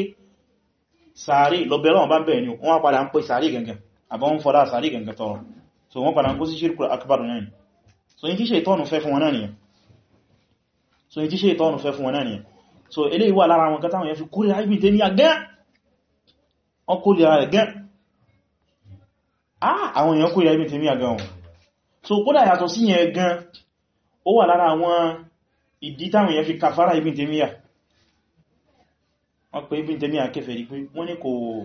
sàárè lọ́bẹ̀lọ́wọ̀n bá bẹ̀ẹ̀ ni wọ́n wá padà ń pè sàárè gẹ̀gẹ̀ àbọ̀ ń fọ́lá sàárè gẹ̀gẹ̀ tọrọ so wọ́n padà ń kó sí ṣírkù akbar náà ni so yí tí ṣe ìtọ́nù fẹ́ fún so yí tí ṣe ìtọ́nù fẹ́ fún so eléyìí wà lára àwọn kátàwọn yẹn fi kúrò láìbí tẹ́ ní ah àwọn èèyàn kó lè láìbí tẹ́ so kódà yàtọ̀ sí yẹn gan ó wà lára àwọn ìdí táwọn èèyàn fi kàfàrà Ibn Taymiyyah wọ́n pé Ibn Taymiyyah kèfèrí pé wọ́n ní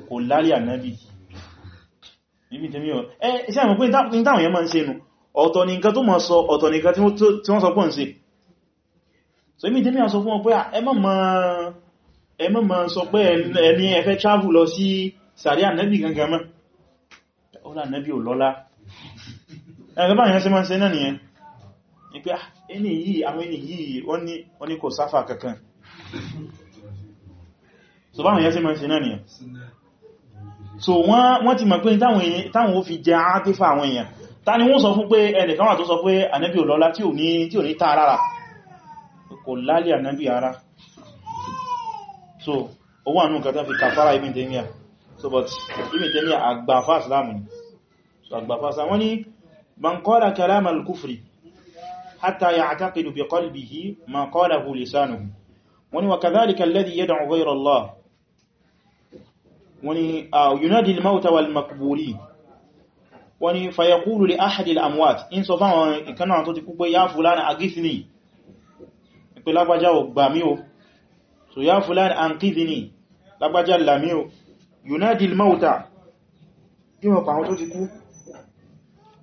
kò lálẹ́ ànábì Ibn Taymiyyah ẹ́ iṣẹ́ àmọ́ pé ní táwọn èèyàn máa ń ṣe nù ọ̀tọ̀ ni nǹkan tó máa sọ ọ̀tọ̀ ni nǹkan tí wọ́n sọ pọ̀ ń ṣe so Ibn Taymiyyah sọ fún wọn pé ẹ mọ́ máa sọ pé ẹni ẹ fẹ́ travel lọ sí sàrí ànábì gangan mọ́ ọlá ànábì ò lọ́lá ẹgbẹ́ báyẹn sí máa ń ṣe náà nìyẹn ní pé ah, ẹni yìí àwọn ẹni yìí wọ́n ní kò sáfà kankan so báwọn yẹ́ sí mọ́ sí náà nìyàn so wọ́n ti mọ̀ pé táwọn ó fi jẹ átífà àwọn èèyàn ta ni wọ́n sọ fún pé ẹnìkan wà tó sọ pé ànábì ò tí ò ní ta rárá kò lálẹ́ ànábì ara so owó àánú kàtà fi kàfàrà Ibn Taymiyyah so but Ibn Taymiyyah àgbàfà Islam ni so àgbàfà Islam wọ́n ni man qala hatta ya'taqidu bi qalbihi ma qalahu lisanuhu wani wa kadhalika alladhi yad'u ghayra Allah wani yunadi al-mauta wal maqbuli wani fa yaqulu li ahadi al-amwat in so fawon ikana tó ti kú pé ya fulana agithni pé lágbájá o gbà mí o so ya fulana anqidhni lágbájá là mí o yunadi al-mauta yimo pa wọ́n tó ti kú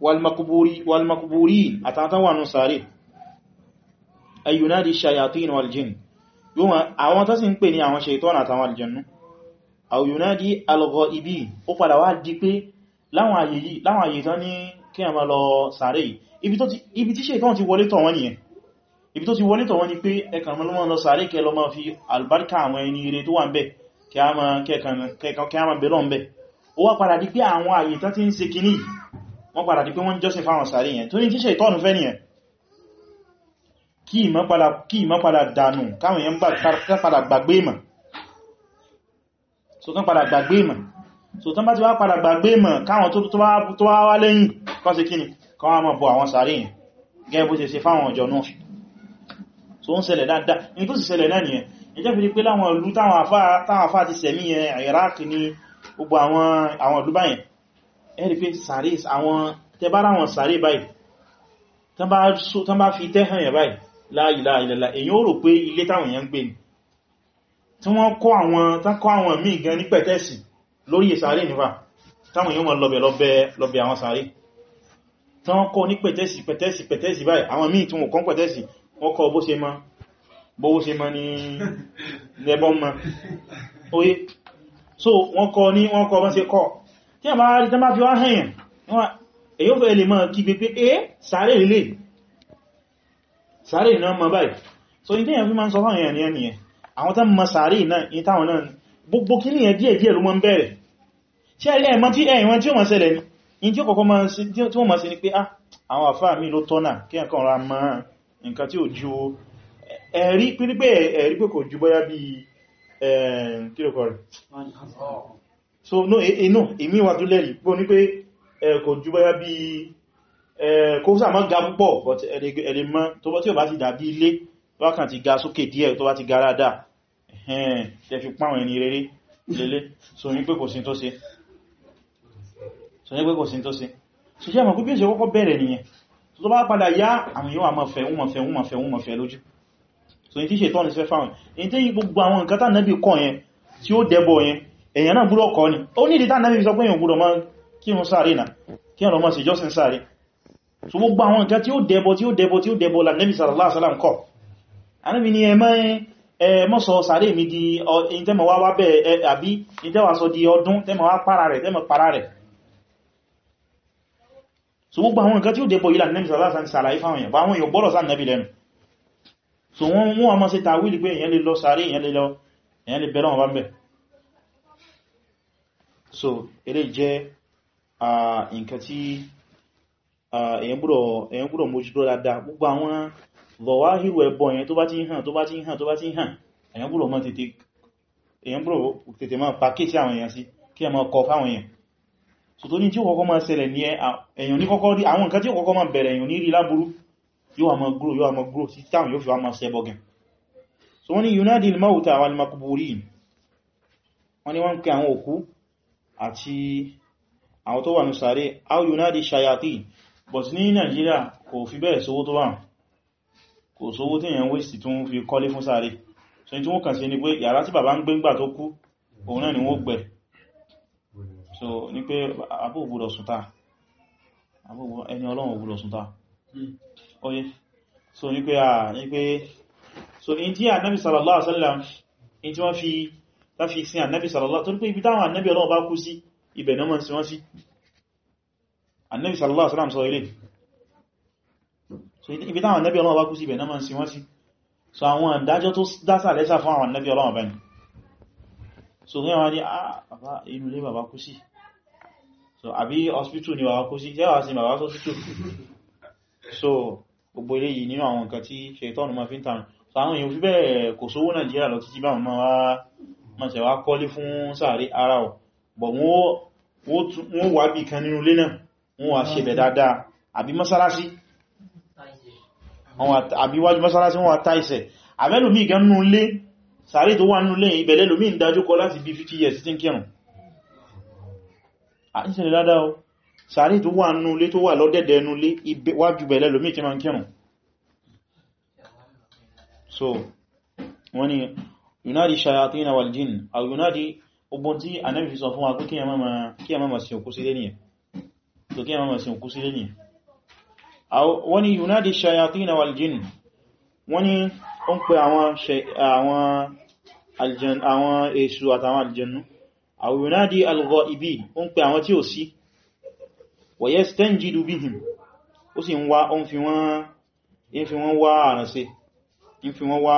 walmakuburi àtàtàn wà nù sàárè ayyunadi shayatin waljin yóò àwọn tó sì ń pè ní àwọn ṣaitọ́nà àtàwọn aljannu ayyunadi alghaibi ó padà wá di pé láwọn àyè tán ní kí a máa lọ sàárè ibi tí ṣaitọ́n ti wọlé tọ̀ wọ́n nìyẹn ibi tó ti wọlé tọ̀ wọ́n ni pé ẹkàn mọ́ lọ sàárè kẹ lọ máa fi albarka àwọn ẹni ire tó wà ń bẹ kẹ a máa bẹ̀rọ̀ ń bẹ ó wá padà di pé àwọn àyè tán ti ń ṣe kìíní wọ́n padà di pé wọ́n jọ́sìn fáwọn sàárè yẹn torí tí ṣàítánù fẹ́ nìyẹn kí ìmọ̀ padà dànù káwọn yẹn padà gbàgbé ìmọ̀ so tán padà gbàgbé ìmọ̀ so tán bá ti wá padà gbàgbé ìmọ̀ káwọn tó wá wá lẹ́yìn kọ́ sí kíni kọ́ wá mọ̀ bọ àwọn sàárè yẹn gẹ́gẹ́ bó ṣe ṣe fáwọn ọjọ́ náà so ń ṣẹlẹ̀ dáadáa ní tó sì ṣẹlẹ̀ náà nìyẹn ìjẹ́ fi pé láwọn ìlú táwọn àfáà ti sẹ̀mí yẹn Iraq ní gbogbo àwọn ìlú báyẹn ẹ̀rí pé sàárè àwọn tẹbára wọn sàárè báyìí tán bá fi tẹ́hàn yẹ báyìí la ilaha illallah èyàn ó rò pé ilé táwọn èyàn ń gbé ni tí wọ́n kọ́ àwọn tákọ́ àwọn míì gan ní pẹ̀tẹ́sì lórí sàárè nífà táwọn èyàn wọn lọ́bẹ̀ lọ́bẹ̀ àwọn sàárè tí wọ́n kọ́ ní pẹ̀tẹ́sì pẹ̀tẹ́sì pẹ̀tẹ́sì báyìí àwọn míì tí wọ́n kọ́ pẹ̀tẹ́sì wọ́n kọ́ bó ṣe mọ́ bówó ṣe mọ́ ní [laughs] ẹbọ́n mọ́ oye so wọ́n kọ́ ní wọ́n kọ́ bọ́n ṣe kọ́ tí àmà rí tán bá fi wá hẹ́yìn èyí fẹ́ lè mọ́ kí pé é sáré ilé sáré náà mọ́ báyìí so ní tẹ́yàn fi máa ń sọ fáwọn èèyàn nìyẹn àwọn tán mọ́ sáré náà ní táwọn náà gbogbo kí ní ẹ̀díẹ̀ díẹ̀ ló mọ́ ń bẹ̀rẹ̀ tí ẹ̀lẹ́ mọ́ tí ẹ̀yìn wọn tí ó mọ́ ṣẹlẹ̀ ní in tí ó kọ́kọ́ mọ́ sí ni pé ah, àwọn àfáà mi ló tọ́nà kí ẹ̀kan ra mọ́ nǹkan tí ó ju ẹ̀rí pé kò ju bóyá so no inú e, e, èmi wà tún lẹ́rìí pọ́ ní pé kò jù báyá bí kó sàmọ́ ga púpọ̀ but ẹ̀lẹ̀ mọ́ tó bọ́ tí ò bá ti dàbí ilé wákàn ti ga sókè díẹ̀ tó bá ti ga rádà ẹ̀hẹ́n tẹ́ fi pàwọn ẹni rere lélé so ní pé kò sí tó ṣe so ní pé kò sí tó ṣe so jẹ́ àmọ́ pípẹ́ ìṣẹ́ kọ́kọ́ bẹ̀rẹ̀ nìyẹn tó bá padà yá àwọn yóò àmọ́ fẹ́ wọ́n fẹ́ wọ́n fẹ́ wọ́n fẹ́ lójú so ní tí ṣe tọ́ ní fẹ́ fáwọn èyí tí gbogbo àwọn nǹkan tánàbí kọ́ yẹn tí ó dẹ́bọ̀ yẹn èyàn náà gbúrọ̀ kọ́ ni ó ní ìdítà náà fi sọ pé èyàn gbúrọ̀ máa kí wọn sáré náà kí wọn lọ sí jọ́sìn sáré so gbogbo àwọn nǹkan tí ó dẹbọ tí ó dẹbọ tí ó dẹbọ la Nabi sallallahu alaihi wasallam kọ̀ Ànábì ni ẹmọ́ sọ sáré mi di ìtẹ́mọ̀ wá wá bẹ́ẹ̀ àbí la Nabi sallallahu alaihi wasallam sàlàyé fáwọn èèyàn bá àwọn èèyàn gbọ́rọ̀ sáà Nabi lẹ́nu so wọ́n wọ́n a mọ́ lè bẹ̀rẹ̀ wọn bá ń bẹ̀rẹ̀ so eré jẹ́ nǹkan tí èyàn gbúrọ̀ mójútó dáadáa gbogbo àwọn lọ̀wáhírù ẹbọ yẹn tó bá ti ń hàn tó bá ti ń hàn tó bá ti ń hàn èyàn gbúrọ̀ mọ́ tètè máa pàkíyèsí àwọn èyàn sí kí ẹ máa kọ fáwọn èyàn so tó ní tí ó kọ́kọ́ máa ṣẹlẹ̀ ní èyàn ní kọ́kọ́ rí àwọn nǹkan tí ó kọ́kọ́ máa bẹ̀rẹ̀ èyàn ní rí láburú yóò grow yóò máa grow sí táwọn yóò fi wá máa ṣẹbọ gan so wọ́n ní yunadi al-mauta wal maqburin wọ́n ní wọ́n ń pe àti àwọn tó wà ní sàárè aw yunadi shayati but ní Nàìjíríà kò fi bẹ́ẹ̀ sówó tó wà kò sówó tí èyàn wéṣì tún fi kọ́lé fún sàárè so ní tí wọ́n kàn sí ni pé yàrá tí bàbá ń gbé ńgbà tó kú òun náà ni wọ́n gbẹ̀ so ní pé àbò òbúdọ̀ súnta ẹni ọlọ́run òbúdọ̀ so ní so in tí Ànábì sallallahu alaihi wasallam in tí láfi sin annabi sallallahu torí pé ibi táwọn annabi ọlọ́wọ́ bá kú sí ibẹ̀ náà mọ́n sí wọ́n sí annabi sallallahu alaihi wasallam sọ ilé so ibi táwọn annabi ọlọ́wọ́ bá kú sí ibẹ̀ náà mọ́n sí wọ́n sí so àwọn àndájọ́ tó dásà lẹ́sà fún àwọn annabi ọlọ́wọ́ bẹ́ni so ní ah, àwọn ní inú ilé bàbá kú sí so àbí hospital ni bàbá kú sí tẹ́wàá sí bàbá hospital so gbogbo ilé yìí nínú àwọn nǹkan tí ṣe ìtọ́nù ma fi ń tàn so àwọn èèyàn fi bẹ́ẹ̀ kò sówó Nàìjíríà lọ títí báwọn máa wá ma ṣe wá kọ́lé fún sàárè ara ọ̀ bọ̀ wọ́n wà bí kan nínú ilé náà wọ́n wà ṣe bẹ̀ dáadáa àbí mọ́sálásí àbí wájú mọ́sálásí wọ́n wà táìsẹ̀ àbẹ́lùmí gan nínú ilé sàárè tó wà nínú ilé ìbẹ̀lẹ́lùmí ń dájú kọ láti bí 50 years tí ń kírùn àìsẹ̀lẹ̀ dáadáa o sàárì tó wà nú ilé tó wà lọ́dẹ̀dẹ̀ ẹnu ilé wájú bẹ̀lẹ̀ lómí tí ma ń kírùn so wọ́n ni yunadi shayatin wal jin aw yunadi ogbon tí Ànábì fi sọ fún wa pé kí ẹ má ma sin òkú sílé nìyẹn tó kí ẹ má ma sin òkú sílé nìyẹn wọ́n ni yunadi shayatin wal jin wọ́n ni ó ń pè àwọn èṣù àtàwọn aljannu aw yunadi al-ghaibi ó ń pè àwọn tí ò sí wa yastanjidu bihim ó sì ń wá ó ń fi wọ́n wá àrànṣe ń fi wọ́n wá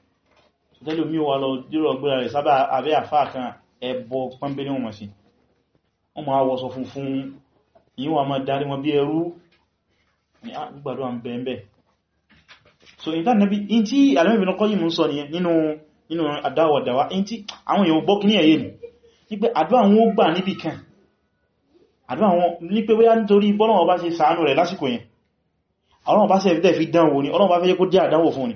tẹ́lú mí wà lọ dírọ̀ gbéra rẹ̀ sábà abẹ́ àfáà kan ẹbọ pọ́nbẹ̀lẹ̀ wọn sí wọ́n ma wọ́sọ funfun yíò wà máa darí wọn bí ẹrú ní àgbàdo àwọn so in that nabi in tí alẹ́mẹ̀bìnà kọ́ yìí mú sọ nínú nínú àdáwọ̀dáwà in tí àwọn èèyàn ni wípé àdó àwọn ó gbà níbì kan àdó àwọn ní pé wíyá nítorí bọ́lọ́wọ́ bá ṣe sàánú rẹ̀ lásìkò yẹn ọlọ́wọ́ bá ṣe ẹ̀fẹ́ fi dánwò ni ọlọ́wọ́ bá fẹ́ jẹ́ kó jẹ́ àdánwò fún ni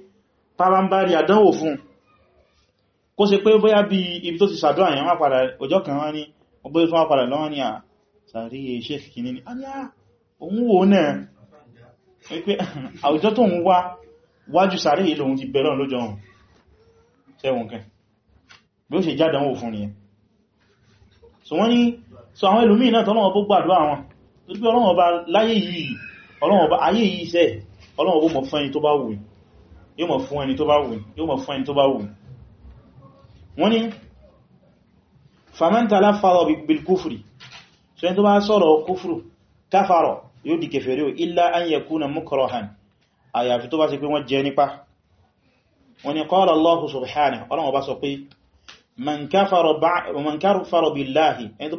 pàbámbárí àdánwò fún kó ṣe pé bóyá bí ibi tó ti sàdọ́ àyàn wá padà ọjọ́ kan wá ní ọgbẹ́ tó wá padà lọ́wọ́ ní à sàrí iṣẹ́ e, kìíní ni a ní à òun wò náà wípé [laughs] àwùjọ tó ń wá wájú sàrí ilẹ̀ òun ti bẹ̀rẹ̀ lọ́jọ́ ohun sẹ́wọ̀n kẹ bí ó ṣe jádánwò fún nìyẹn so wọ́n ní so àwọn ẹlòmíì náà tọ́lọ́wọ́ bó gbàdúrà wọn tó gbé ọlọ́wọ́ bá ayé yìí sẹ́ ọlọ́wọ́ bó mọ̀ tó bá wù yóò mọ̀ fún ẹni tó bá wù yóò mọ̀ fún ẹni tó bá wù wọ́n ni faman talaffaza bil kufri so ẹni tó bá sọ̀rọ̀ kúfùrù káfàrọ̀ yóò di kèfèrí illa an yakuna mukrahan àyàfi tó bá ṣe pé wọ́n jẹ nípa wọ́n ni qala Allahu subhanahu ọlọ́wọ́ bá sọ pé man kafara billahi ẹni tó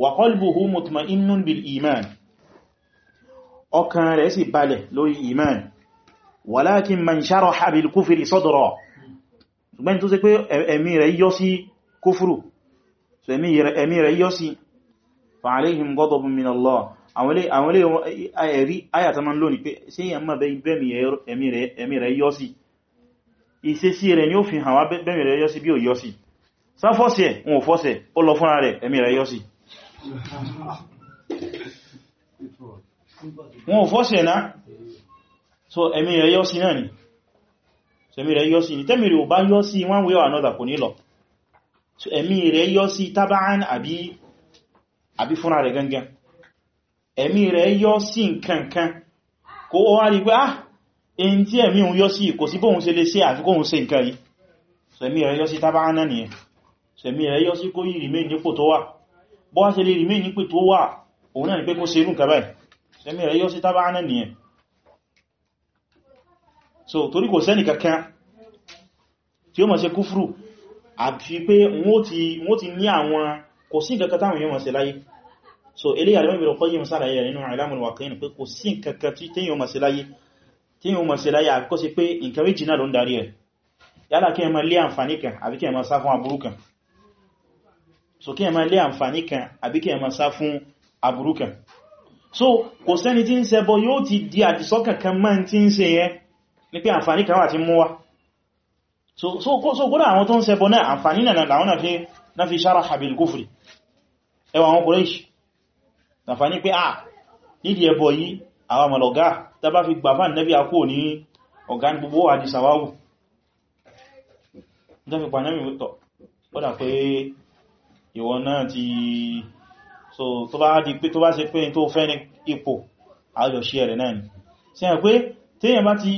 wa qalbuhu mutma'innun bil iman ọkàn rẹ̀ sì balẹ̀ lórí iman walakin man sharaha bil kufri sadra ṣùgbọ́n tó ṣe pé ẹ̀mí rẹ̀ yọ́ sí kúfùrù ẹ̀mí rẹ̀ yọ́ sí fa alayhim ghadabun min Allah àwọn ilé ẹ̀rí ayàtà máa ń lónìí pé ṣe yẹn máa bẹ́mi rẹ̀ fọ́sẹ̀ ó lọ fúnra rẹ̀ ẹ̀mí rẹ̀ yọ́ sí wọn ò fọ́sí ẹ̀ná so ẹ̀mí rẹ̀ yọ́ sí náà ni so ẹ̀mí rẹ̀ yọ́ sí ni tẹ́mì rẹ̀ ò bá yọ́ sí one way or another kò ní lọ so ẹ̀mí rẹ̀ yọ́ sí tabaan àbí fúnra rẹ̀ gangan ẹ̀mí rẹ̀ yọ́ sí nkankan kó o wá rí pé ah in tí ẹ̀mí yọ́ sí kò sí bóhun ṣe lè ṣe àfi kóhun ṣe nkan so ẹ̀mí rẹ̀ yọ́ sí tabaan náà bọ́ wá ṣe lè rìmí ní pé tó wà òun náà ni pé kó ṣe irú kàbáì sẹ́mí rẹ̀ yọ́ sí tábà ánà nìyẹn so torí kò sẹ́nì kankan tí ó mọ̀ ṣe kúfrù àti pé wọ́n ti ní àwọn kò sí nǹkan táwọn yẹn mọ̀ ṣe láyé so ilé àdúgbò ìbìrò kọ́ yìí sára yẹ̀ nínú I'lamul Waqin pé kò sí nǹkan tí téèyàn mọ̀ ṣe láyé téèyàn mọ̀ ṣe láyé àkọ́sí pé nǹkan méjì náà so kí ẹ máa lé àǹfàní kan àbí kí ẹ máa sá fún aburú so kò sẹ́ni tí ń ṣẹbọ yóò ti di àdìsọ́kàn kan máa tí ń ṣe yẹn ní pé àǹfàní kan wà tí mú wá so kódà àwọn tó ń ṣẹbọ náà àǹfàní náà làwọn náà fi ṣára habil kufri ẹwà àwọn Quraysh àǹfàní pé à ah, nídìí ẹbọ yìí àwọn ọmọlọ̀gá tàbá fi gbà fán nẹ́bí àkó ní ọ̀gá ní gbogbo ìwọ náà ti so tó bá di pé tó bá ṣe pé tó fẹ́ ní ipò àjọṣe rẹ̀ náà ni sí ẹ̀ pé téèyàn bá ti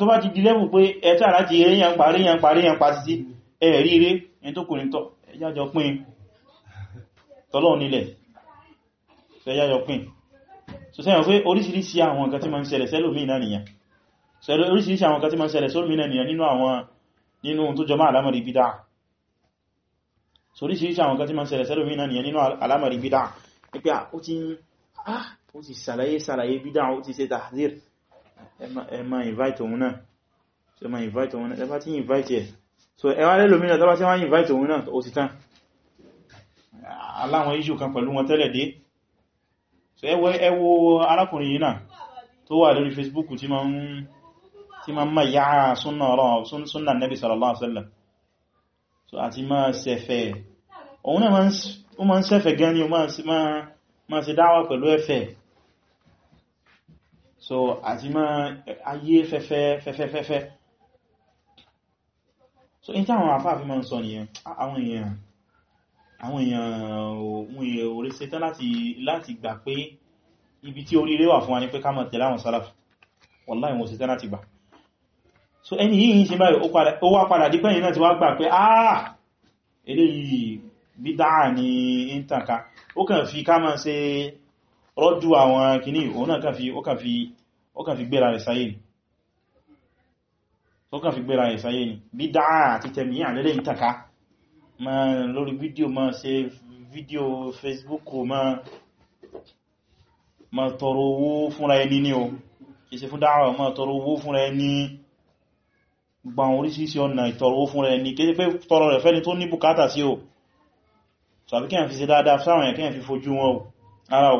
tó bá ti di lẹ́bù pé ẹ̀tọ́ àrá ti èèyàn parí èèyàn parí èèyàn pa títí ẹ̀rí rẹ̀ ẹni tó kùnrin tọ́ ẹjájọ pín tọ́lọ́ nílẹ̀ ẹjájọ pín so sẹ́yàn pé oríṣiríṣi àwọn nǹkan tí ma ń ṣẹlẹ̀ sẹ́lòmínà nìyàn oríṣiríṣi àwọn nǹkan tí ma ń ṣẹlẹ̀ sẹ́lòmínà nìyàn nínú àwọn nínú tó jọmọ́ àlámọ̀rí bídá so oríṣiríṣi àwọn kan tí ma ń ṣẹlẹ̀ sẹ́lò mí náà nìyẹn nínú alámàrí bídá ní pé ó ti ó ti sàlàyé sàlàyé bídá ó ti ṣe tahzir ẹ ma invite òun náà so ẹ ma invite òun náà ẹ bá ti invite ẹ so ẹ wá lẹ́lò mí náà tọ́bá tí wọ́n invite òun náà ó ti tán aláwọn iṣu kan pẹ̀lú wọn tẹ́lẹ̀ dé so ẹ wo arákùnrin yìí náà tó wà lórí Facebook tí ma ń máa yára súnnà Nabi sallallahu alaihi wasallam so àti máa sẹ̀fẹ̀ òun náà ó máa ń sẹ̀fẹ̀ gan ni ó máa ṣe dáwà pẹ̀lú ẹ̀fẹ̀ so àti máa ayé fẹ́fẹ́fẹ́fẹ́ so in táwọn àfáà fi máa ń sọ nìyẹn àwọn èèyàn àwọn èèyàn òun èèyàn orí setán láti gbà pé ibi tí oríire wà fún wa ní pé ká máa tẹ̀lé àwọn sálàfù wallahi ìwọ̀n setán láti gbà so ẹni yìí ṣe báyìí ó wá padà dípẹ́ yìí náà ti wá gbà pé àà ah! eléyìí bídáà ní ìntànká ó kàn fi ká máa ṣe rọ́dù àwọn kìíní òun náà kàn fi gbéra rẹ̀ sáyé ni tó kàn àti tẹ̀mí àlẹ́lẹ́ ìntànká lórí fídíò ma ṣe fídíò Facebook ma ma tọrọ owó fúnra ẹni ní o kìí ṣe fún dáwà tọrọ owó fúnra ẹni ní gba àwọn oríṣìíṣìí ọ̀nà ìtọrọ fún rẹ̀ ní kéde pé tọrọ rẹ̀ fẹ́ni tó ní bùkátà sí o sàbí kí a fi ṣe dáadáa sáwọn yẹn kí a fi fojú wọn o ara o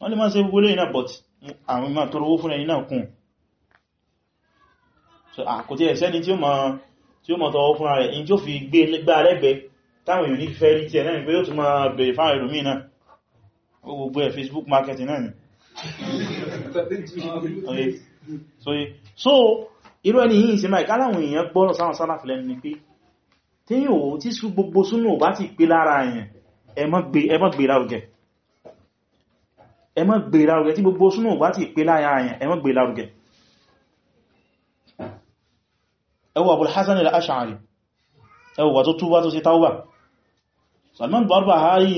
wọ́n lè máa ṣe gbogbo lẹ́yìn náà but àwọn ìmá tọrọ owó fún ẹni náà kún kò tí ẹ̀sẹ́ni tí ó mọ̀ tọrọ fún rẹ̀ in tí ó fi gbé e gbá rẹ̀gbẹ́ táwọn èèyàn ní fẹ́ rí tí ẹ̀ náà pé yóò tún máa bèèrè fáwọn ẹlòmíì náà gbogbo Facebook marketing náà ni so irú ẹni yìí ìsinmi ìkáláwọn èèyàn gbọ́rọ̀ sáwọn sálàfì lẹ́nu ni pé tí yóò tí sú gbogbo súnú bá ti pé lára èèyàn ẹ má gbé lárugẹ ẹ má gbé lárugẹ tí gbogbo súnú bá ti pé lára èèyàn ẹ má gbé lárugẹ ẹ wo al-Ash'ari ẹ wo tó túbá tó sí tauba Salman Barbahari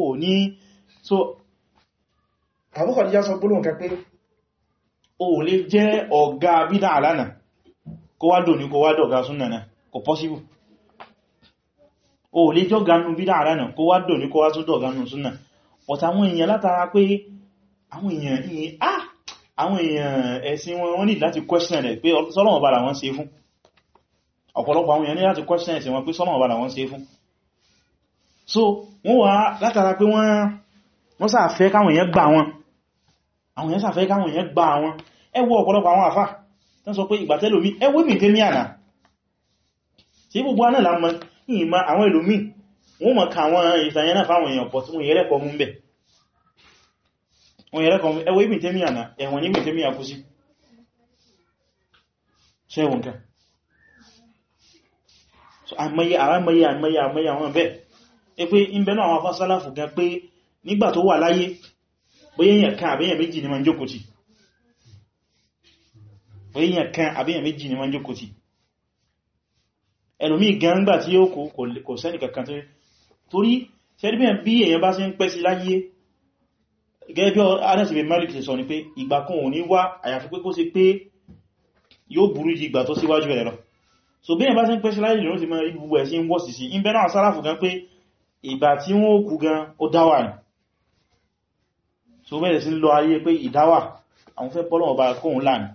ò ní so àbúkọ̀ níjá sọ gbólóhùn kẹ pé o lè jẹ́ ọ̀gá bídá àlánà kó wá dò ní kó wá dọ̀gá súnnà náà kò pọ́síbù o lè jọ́gá nù bídá àrá náà kó wá dò ní kó wá tún dọ̀gá súnnà ọ̀tà èèyàn látara pé àwọn èèyàn ah àwọn èèyàn ẹ̀sìn wọn wọ́n ní láti question rẹ̀ pé sọ́lọ́wọ́n bára wọ́n ṣe fún ọ̀pọ̀lọpọ̀ àwọn èèyàn ní láti question ẹ̀sìn wọn pé sọ́lọ́wọ́n bára wọ́n ṣe fún so wọ́n wá látara pé wọ́n sáà fẹ́ káwọn èèyàn gbà wọn àwọn èèyàn sáà fẹ́ káwọn èèyàn gbà wọn tán sọ pé ìgbàtẹ́lòmí ẹwọ́ ìbìn tẹ́mí àná tí gbogbo aná lámọ́ ìmá àwọn ìlòmí wọ́n mọ̀ ká àwọn ìsànyẹ́ náà fáwọn èèyàn pọ̀ tí wọ́n yẹ́rẹ́kọ̀ mú bẹ̀ wọ́n yẹ́rẹ́kọ̀ ẹwọ́ ìbìn tẹ́mí àná ẹ̀wọ̀n ìbìn tẹ́mí àkú sí ṣẹ́wọ̀n kan àmọ́yé àmọ́yé àmọ́yé àmọ́yé àwọn bẹ́ẹ̀ ẹ pé ń bẹ náà ni ma èyàn kan àbíyàn méjì ni wọ́n jókòó sí ẹlòmí gangbà tí ó kò kò sẹ́nì kankan tó torí sẹ́dìbìyàn bí èyàn bá sí ń pẹ́ sí láyé gẹ́gẹ́ bí Anas ibn Malik sọ ni pé ìgbà kan ò ní wá àyàfi pé kó ṣe pé yóò burú ju ìgbà tó síwájú ẹ̀ lọ so bí èyàn bá sí ń pẹ́ sí láyé lórí ti mọ́ àwọn fẹ́ pọ́lọ̀ ọba kóhun láàrin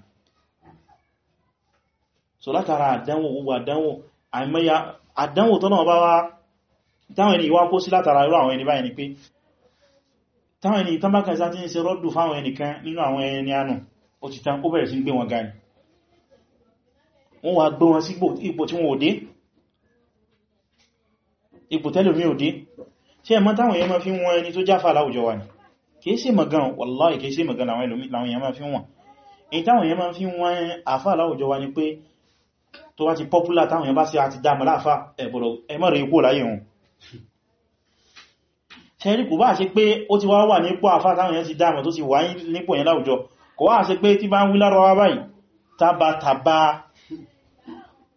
so látara àdánwò gbogbo àdánwò àìmọ́ya àdánwò tọ́nà ọba wá táwọn ẹni ìwá kó sí látara irú àwọn ẹni báyìí ni pé táwọn ẹni tán bá kan sá ti ń ṣe rọ́dù fáwọn ẹnìkan nínú àwọn ẹni ànà ó ti tán ó bẹ̀rẹ̀ sí gbé wọn gani wọ́n wá gbé wọn sí ipò tí wọ́n òdé ipò ni kìí sí magan wallahi kìí sí magan láwọn èèyàn máa fi wọn èyí táwọn èèyàn máa fi tó bá ti pọ́pùlá táwọn yẹn bá sí àti dáa màláfà ẹ̀bọ̀lọ̀ ẹmọ́rẹ̀ ikú láyé wọn ṣẹ́rí kò bá ṣe pé ó ti wá wà nípò àfá táwọn yẹn ti dáa mọ̀ tó ti wà nípò yẹn láwùjọ kò wá ṣe pé tí bá ń wí lárọwá báyìí tábàtàbá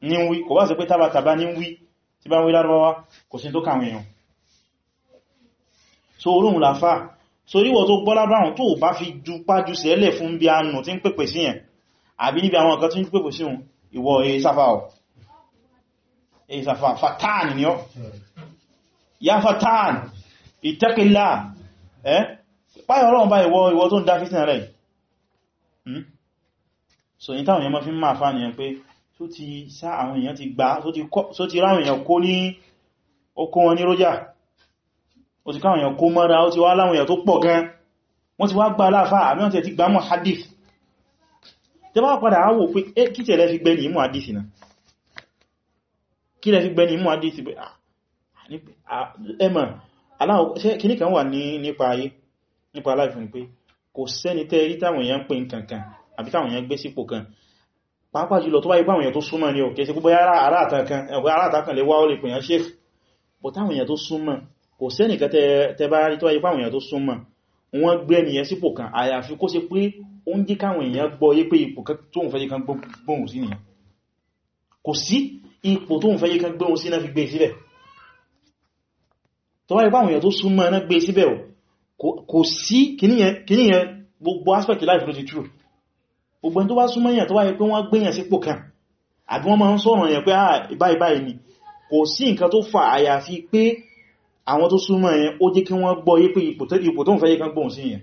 ní wí kò bá ṣe pé tábàtàbá ní wí tí bá ń wí lárọwá kò sí tó kàwọn èèyàn so orúhun làfà so ríwọ̀ tó àbí níbi àwọn nǹkan tí ń pèpè sí yẹn ìwọ èsàfà ọ̀ èsàfà fatan ni ọ́ ya fatan ìtẹ́kìlá ẹ́ páyọ̀ ọlọ́run bá ìwọ ìwọ tó ń dá fítìnà rẹ̀ hmm? so ní táwọn èèyàn mọ́ fi máa fà nìyàn pé tó ti sá àwọn èèyàn ti gbá tó ti ráwọn èèyàn kó ní okó wọn ní rójá ó ti káwọn èèyàn kó mọ́ra ó ti wá láwọn èèyàn tó pọ̀ gan wọ́n ti wá gbá aláfà àbí wọ́n ti gbá mọ́ hadith tẹ bá padà àwò pé é eh, kí tẹ̀lẹ̀ fi gbẹ́ ní imú àdísì náà kí lẹ fi gbẹ́ ní imú àdísì pé ah, ẹmọ̀ kìní kan wà nípa ayé nípa aláìfún pé kò sẹ́ni tẹ́ rí táwọn èèyàn pè nǹkankan àbí táwọn èèyàn gbé sípò kan pàápàá jùlọ tó bá ipá àwọn èèyàn tó súnmọ́ ní ọ̀kẹ́ sí gbogbo aráàtàkan lè wá ó lè pè yàn sheikh but táwọn èèyàn ó ń jẹ́ káwọn èèyàn gbọ́ yé pé ipò tó ń fẹ́ yíkan gbóhùn sí nìyàn kò sí ipò tó ń fẹ́ yíkan gbóhùn sí náà fi gbé e síbẹ̀ tó wáyé báwọn èèyàn tó súnmọ́ náà gbé e síbẹ̀ kò sí kìníyàn gbogbo aspect life ló ti true gbogbo ẹni tó bá súnmọ́ èèyàn tó wáyé pé wọ́n gbéyàn sípò kan àbí wọ́n máa ń sọ̀rọ̀ èèyàn pé ah báyìí báyìí ni kò sí nǹkan tó fà àyàfi pé àwọn tó súnmọ́ èèyàn ó jẹ́ kí wọ́n gbọ́ yé pé ipò tó ń fẹ́ yíkan gbóhùn sí èèyàn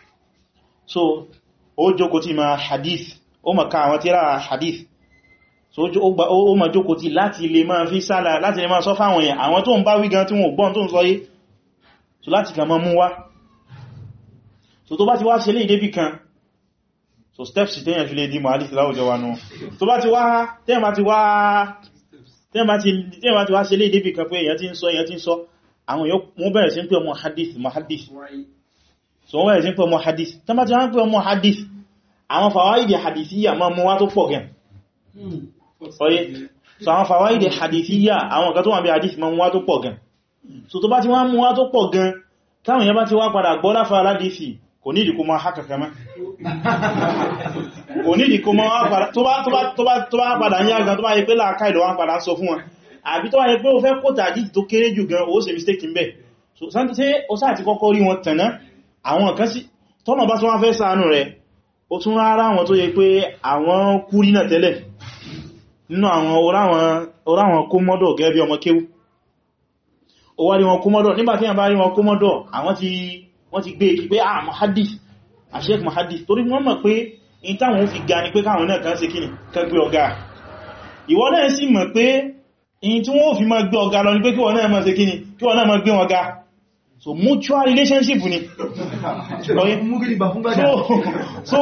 so ó jókòó ti ma hadith o ma ka àwọn tírà hadith so o ma jókòó ti láti lè máa fi sálà láti lè máa sọ fáwọn èèyàn àwọn tó ń bá wí gan tí wọ́n gbọ́n tó ń sọ yé so láti kàn mọ́ mú wá so tó bá ti wá ṣe lè débì kan so steps tẹ́yàn fi lè dí màálì sí láwùjọ wa náà tó bá ti wá tẹ́yàn bá ti wá tẹ́yàn bá ti wá ṣe lè débì kan pé èyàn ti ń sọ èyàn ti ń sọ àwọn èyàn wọ́n bẹ̀rẹ̀ sí ń pè ọmọ hadith mahadith so wọ́n bẹ̀rẹ̀ sí pé ọmọ hadith tán bá ti rán pé ọmọ hadith àwọn fàwáìdì hadithiyya ma mọ́ wá tó pọ̀ gẹn oye so àwọn fàwáìdì hadithiyya àwọn kan tó wọ́n bí hadith ma mọ́ wá tó pọ̀ gẹn so tó bá ti wọ́n mọ́ wá tó pọ̀ gẹn táwọn yẹn bá ti wá padà gbọ́ láfà aládìsì kò ní ìdíkò ma haka kama kò ní ìdíkò ma wá padà tó bá padà ní àgbà tó bá yẹ pé láàká ìlọ wá padà sọ fún wọn àbí tó bá yẹ pé ó fẹ́ kótà àdìsì tó kéré jù gan ó ṣe mistake ń bẹ̀ so sáà ti kọ́kọ́ àwọn kan sí tọ́nà bá tún wá fẹ́ ṣàánú rẹ̀ ó tún rárá àwọn tó yẹ pé àwọn kú rínà tẹ́lẹ̀ nínú àwọn oráwọn kó mọ́dọ̀ gẹ́gẹ́ bí ọmọ kéwú ó wá rí wọn kó mọ́dọ̀ nígbàtí àwọn bá rí wọn kó mọ́dọ̀ àwọn tí wọ́n ti gbé ikí e pé ah muhaddis àṣẹ́kù ah, muhaddis torí wọ́n mọ̀ pé in táwọn fi ga ni pé káwọn náà kan ṣe kíni kan gbé ọ̀gá ìwọ náà sì mọ̀ pé in tí wọ́n fi máa gbé ọ̀gá lọ ni pé kí wọ́n náà máa ṣe kíni kí wọ́n náà máa gbé wọn so mutual relationship ni so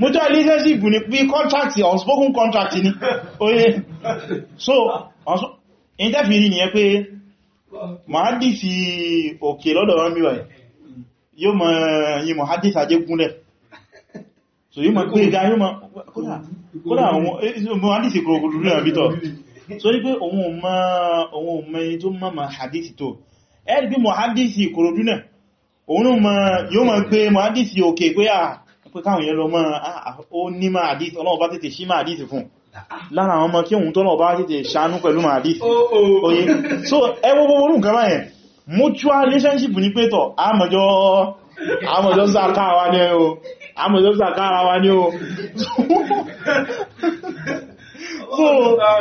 mutual relationship ni bí contract unspoken contract ni oye so interfere ni ẹ pé ma dì sí òkè lọ́dọ̀ wọn bí wáyé yóò mọ̀ yí mọ̀ hadith ajé gúnlẹ̀ so yóò ma, pé ga yóò mọ̀ kódà àwọn hadith kòròkòrò lórí àbítọ̀ so ní pé òun ò mọ̀ ẹni tó mọ̀ hadith tó ẹ̀rì bí mọ̀hádìsì ìkòròdú náà òun yóò máa gbé mọ̀hádìsì òkè pé ah, káwọn yẹn lọ mọ́ ah, ó ní máa àdìsì ọlọ́ọ̀bá tètè sí máa àdìsì fún lára àwọn ọmọ kí òun tọ́lọ̀ bá tètè ṣàánú pẹ̀lú máa àdìsì so ẹwọ́ gbogbo orú mutual relationship ní pé tọ̀ àmọ̀jọ́ àmọ̀jọ́ zaka wa ní o àmọ̀jọ́ zaka ara wa ní o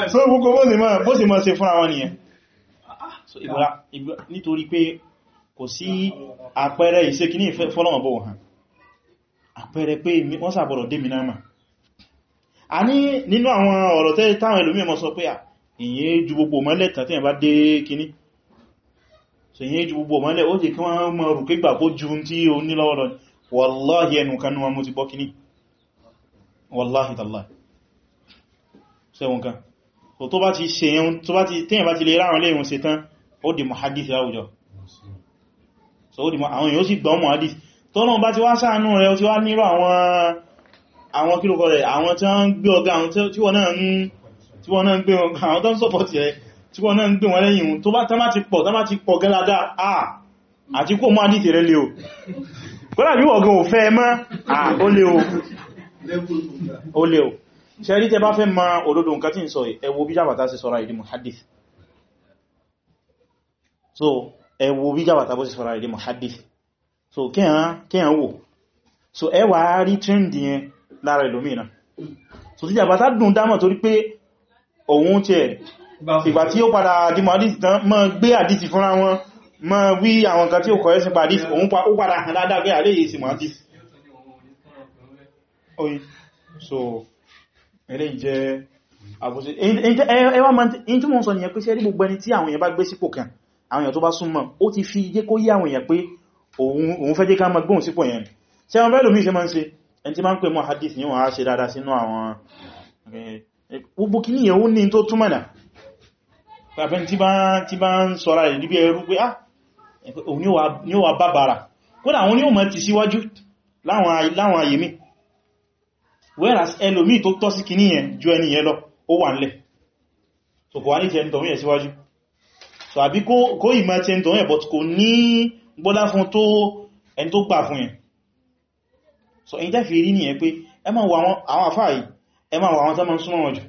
[laughs] so gbogbo bó sì mọ́ ṣe fún àwọn nìyẹn nítorí pé kò sí àpẹẹrẹ ìṣẹ́kíní fọ́lọ́mọ̀bọ̀ hàn àpẹẹrẹ pé wọ́n sàbọ̀rọ̀ dé minama a ní nínú àwọn ọ̀rọ̀ tẹ́ táwọn ẹlòmí mọ́ sọ pé à ìyẹn ju gbogbo mọ́lẹ̀ tàbí ẹ̀bá dé so ìyẹn ju gbogbo mọ́lẹ̀ ó jẹ́ kí wọ́n mọ̀ rù kígbà kó ní wallahi ẹnu kanú wọn mú wallahi tallahi sẹ́wọ̀n kan so tó bá ti ṣe yẹn tó bá tẹ́yìn bá ti lè ráwọn lẹ́yìn ṣe tán ó di muhadith láwùjọ so ó di àwọn èyàn sì gbọ́n muhadith tó náà bá ti wá sáànú rẹ̀ tí wá nírò àwọn kílùkọ rẹ̀ àwọn tí wọ́n ń gbé ọgá àwọn tí wọ́n náà ń gbé ọgá àwọn tó ń sọpọ̀tì rẹ̀ tí wọ́n náà ń gbé wọn lẹ́yìn tó bá tamá ti pọ̀ tamá ti pọ̀ gẹ́láda àà àti kó muhadith rẹ̀ lè o kọ́lá bí ọ̀gán ò fẹ́ mọ́ à ó lè o ó lè o ṣe rí tẹ bá fẹ́ ma òdodo nǹkan tí ń sọ ẹ wo bí jàbàtà sí sọ́ra ìdí muhadith so ẹwọ bí jàbàtà bó sì sọ́ra èdè muhaddith so kíyàn wò so ẹwà rí tíndì yẹn lára ìlòmínà so tí jàbàtà dùn dámọ̀ torí pé òun tí ẹ̀ ìgbà tí ó padà di muhaddith tán mọ́ gbé àdìsì fúnra wọn mọ́ wí àwọn nǹkan tí ó kọ̀ ẹ́sìn padà òun so eléyìí jẹ́ àbúṣe ẹwà mọ́ tí mo sọ nìyẹn pé sẹ́rí gbogbo ẹni tí àwọn èèyàn bá gbé sípò kan àwọn èèyàn tó bá súnmọ́ ó ti fi jẹ́ kó yí àwọn èèyàn pé òun fẹ́ jẹ́ ká mọ́ gbóhùn sípò yẹn tí àwọn bẹ́ẹ̀ lómi ṣe máa ń ṣe ẹni tí máa ń pè mọ́ hadith yíò wọ́n á ṣe dáadáa sínú àwọn eh, eh, gbogbo kí ní ìyẹ̀wó ní tó túnmọ̀ náà ah, ni ó wà bàbàrà so kò wá ní ti ẹni tọ̀wọ́ yẹn síwájú so àbí kó ìmọ̀ tí ń tó yẹn but kò ní gbọ́lá fún tó ẹni tó gbà fún yẹn so èyí jẹ́ fi rí nìyẹn pé ẹ máa wọ àwọn àfáà yìí ẹ máa wọ àwọn tó máa ń súnmọ́ wọn jù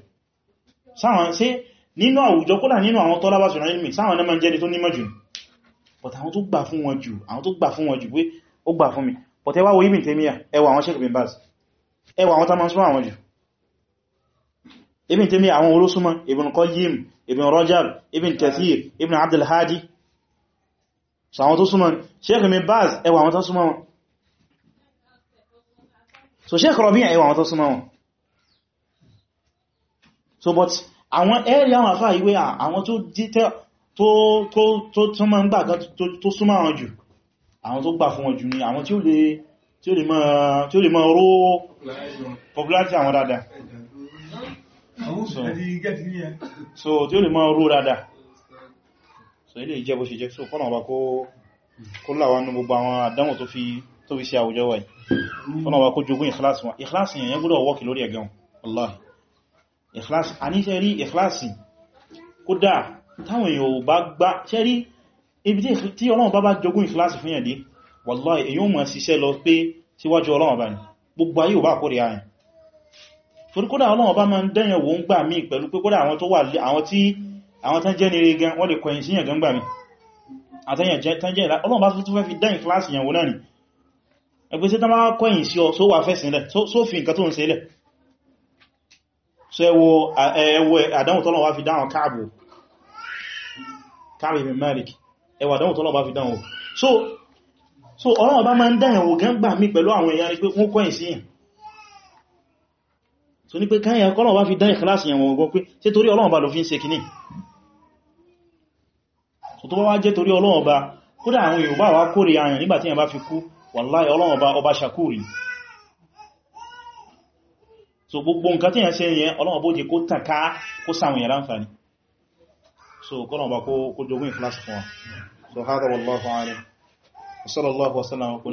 sáwọn sí nínú àwùjọ kódà nínú àwọn tọ́lábà sọ̀rọ̀ ilmi sáwọn náà máa ń jẹ́ni tó nímọ̀ jù but àwọn tó gbà fún wọn jù àwọn tó gbà fún wọn jù pé ó gbà fún mi but ẹ àwọn tó máa ń súnmọ́ àwọn jù ibn tèmi àwọn olóṣùmọ́ ibn Qayyim ibn Rajab ibn Kathir ibn Abdul Hadi so àwọn tó súnmọ́ Sheikh mi Baz ẹwà àwọn tó súnmọ́ wọn so Sheikh Rabi' ẹwà àwọn tó súnmọ́ wọn so but àwọn ẹ̀rí àwọn àfáà ìwé àwọn tó dítẹ́ tó túnmọ́ ń gbà tó súnmọ́ àwọn jù àwọn tó gbà fún wọn jù ní àwọn tí ó lè máa ró popularity àwọn dáadáa so tí ó lè máa rú dáadáa so ilé ìjẹ́ bó ṣe jẹ́ so kọ́nà ọba kó láwọn ní gbogbo àwọn àdánwò tó fi tó fi sí àwùjọ wáyìí kọ́nà ọba kó jogún ìkìláàsì wọn ìkìláàsì yẹn gbọ́dọ̀ wọ́kì lórí ẹ̀gẹ̀un wallahi ìkìláàsì a ní ṣe rí ìkìláàsì kódà táwọn èèyàn bá gbá ṣe rí ibi tí ọlọ́run bá bá jogún ìkìláàsì fún yẹn dé wallahi èyí torí kódà Ọlọ́run bá máa ń dẹ́yàn wò ń gbà mí pẹ̀lú pé kódà àwọn tó wà àwọn tí àwọn tán jẹ́ ní gan wọ́n lè kọ̀yìn síyàn gan gbà mí àtẹ́yàn jẹ́ tán jẹ́ ìlà Ọlọ́run bá tó fẹ́ fi dẹ́yìn kíláàsì yàn wò náà ni ẹgbẹ́ sí tán bá kọ̀yìn sí ọ só wà fẹ́ sílẹ̀ só fi nǹkan tó ń sílẹ̀ so ẹwọ ẹwọ àdánwò tọ́lọ̀ wá fi dáhùn káàbù káàbù ibn Malik ẹwọ àdánwò tọ́lọ̀ bá fi dáhùn so Ọlọ́run bá máa ń dẹ́yìn wò gan gbà mí pẹ̀lú àwọn èèyàn ni pé wọ́n kọ̀yìn síyàn so ní pé káyẹ̀ kọ́lọ̀ wá fi dán ìkìláàsì yẹn wọ̀n gbọ́ pé ṣé torí Ọlọ́run bá ló fi ń ṣe kìíní so tó bá wá jẹ́ torí Ọlọ́run bá kódà àwọn Yorùbá wá kórè ayàn nígbàtí yẹn bá fi kú wàláhì Ọlọ́run bá ọba so gbogbo nǹkan tí yẹn ṣe yẹn Ọlọ́run bó jẹ kó so kọ́lọ̀ bá kó jogún ìkìláàsì fún so hádà wallahu a'lam sallallahu wasallam kò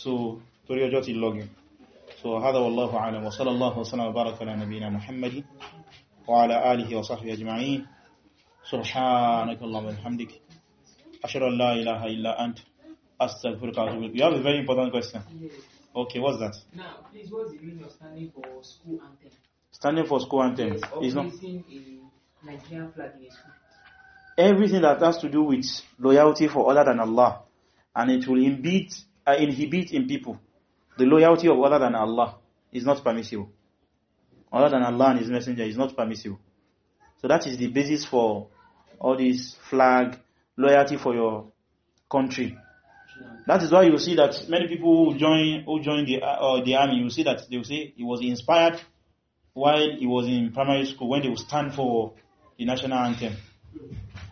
so torí ọjọ́ ti lọ́gìn so هذا والله أعلم وصلى الله وسلم وبارك على نبينا محمد وعلى آله وصحبه أجمعين سبحانك الله وبحمدك أشهر لا إله إلا أنت أستغفرك وأتوب إليك You have a very important question. Okay, what's that? Now, please, what's the meaning of standing for school anthem? Standing for school anthem yes, is not Nigerian flag in school. Everything that has to do with loyalty for other than Allah and it will inhibit, uh, inhibit in people. the loyalty of other than Allah is not permissible. Other than Allah and His Messenger is not permissible. So that is the basis for all this flag, loyalty for your country. That is why you see that many people who join who join the uh, the army, you see that they will say he was inspired while he was in primary school when they would stand for the national anthem.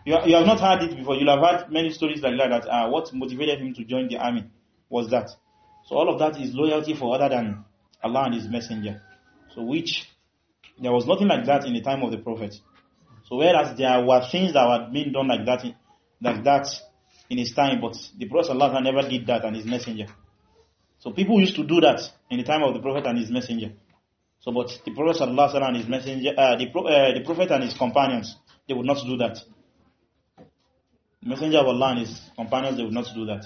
You, you have not heard it before. You'll have heard many stories like that. That uh, what motivated him to join the army was that so all of that is loyalty for other than Allah and His Messenger. So which, there was nothing like that in the time of the Prophet. So whereas there were things that were being done like that, like that in his time, but the Prophet Allah never did that and his messenger. So people used to do that in the time of the Prophet and his messenger. So but the Prophet Allah and his messenger, uh, the, uh, the Prophet and his companions, they would not do that. The messenger of Allah and his companions, they would not do that.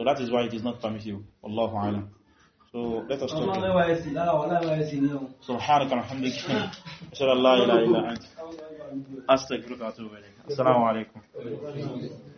so that is why it is not permissible wallahu alam so let us talk subhanaka alhamdulillah inshallah la ilaha illa anta astaghfiruka wa atubu ilayk assalamu alaikum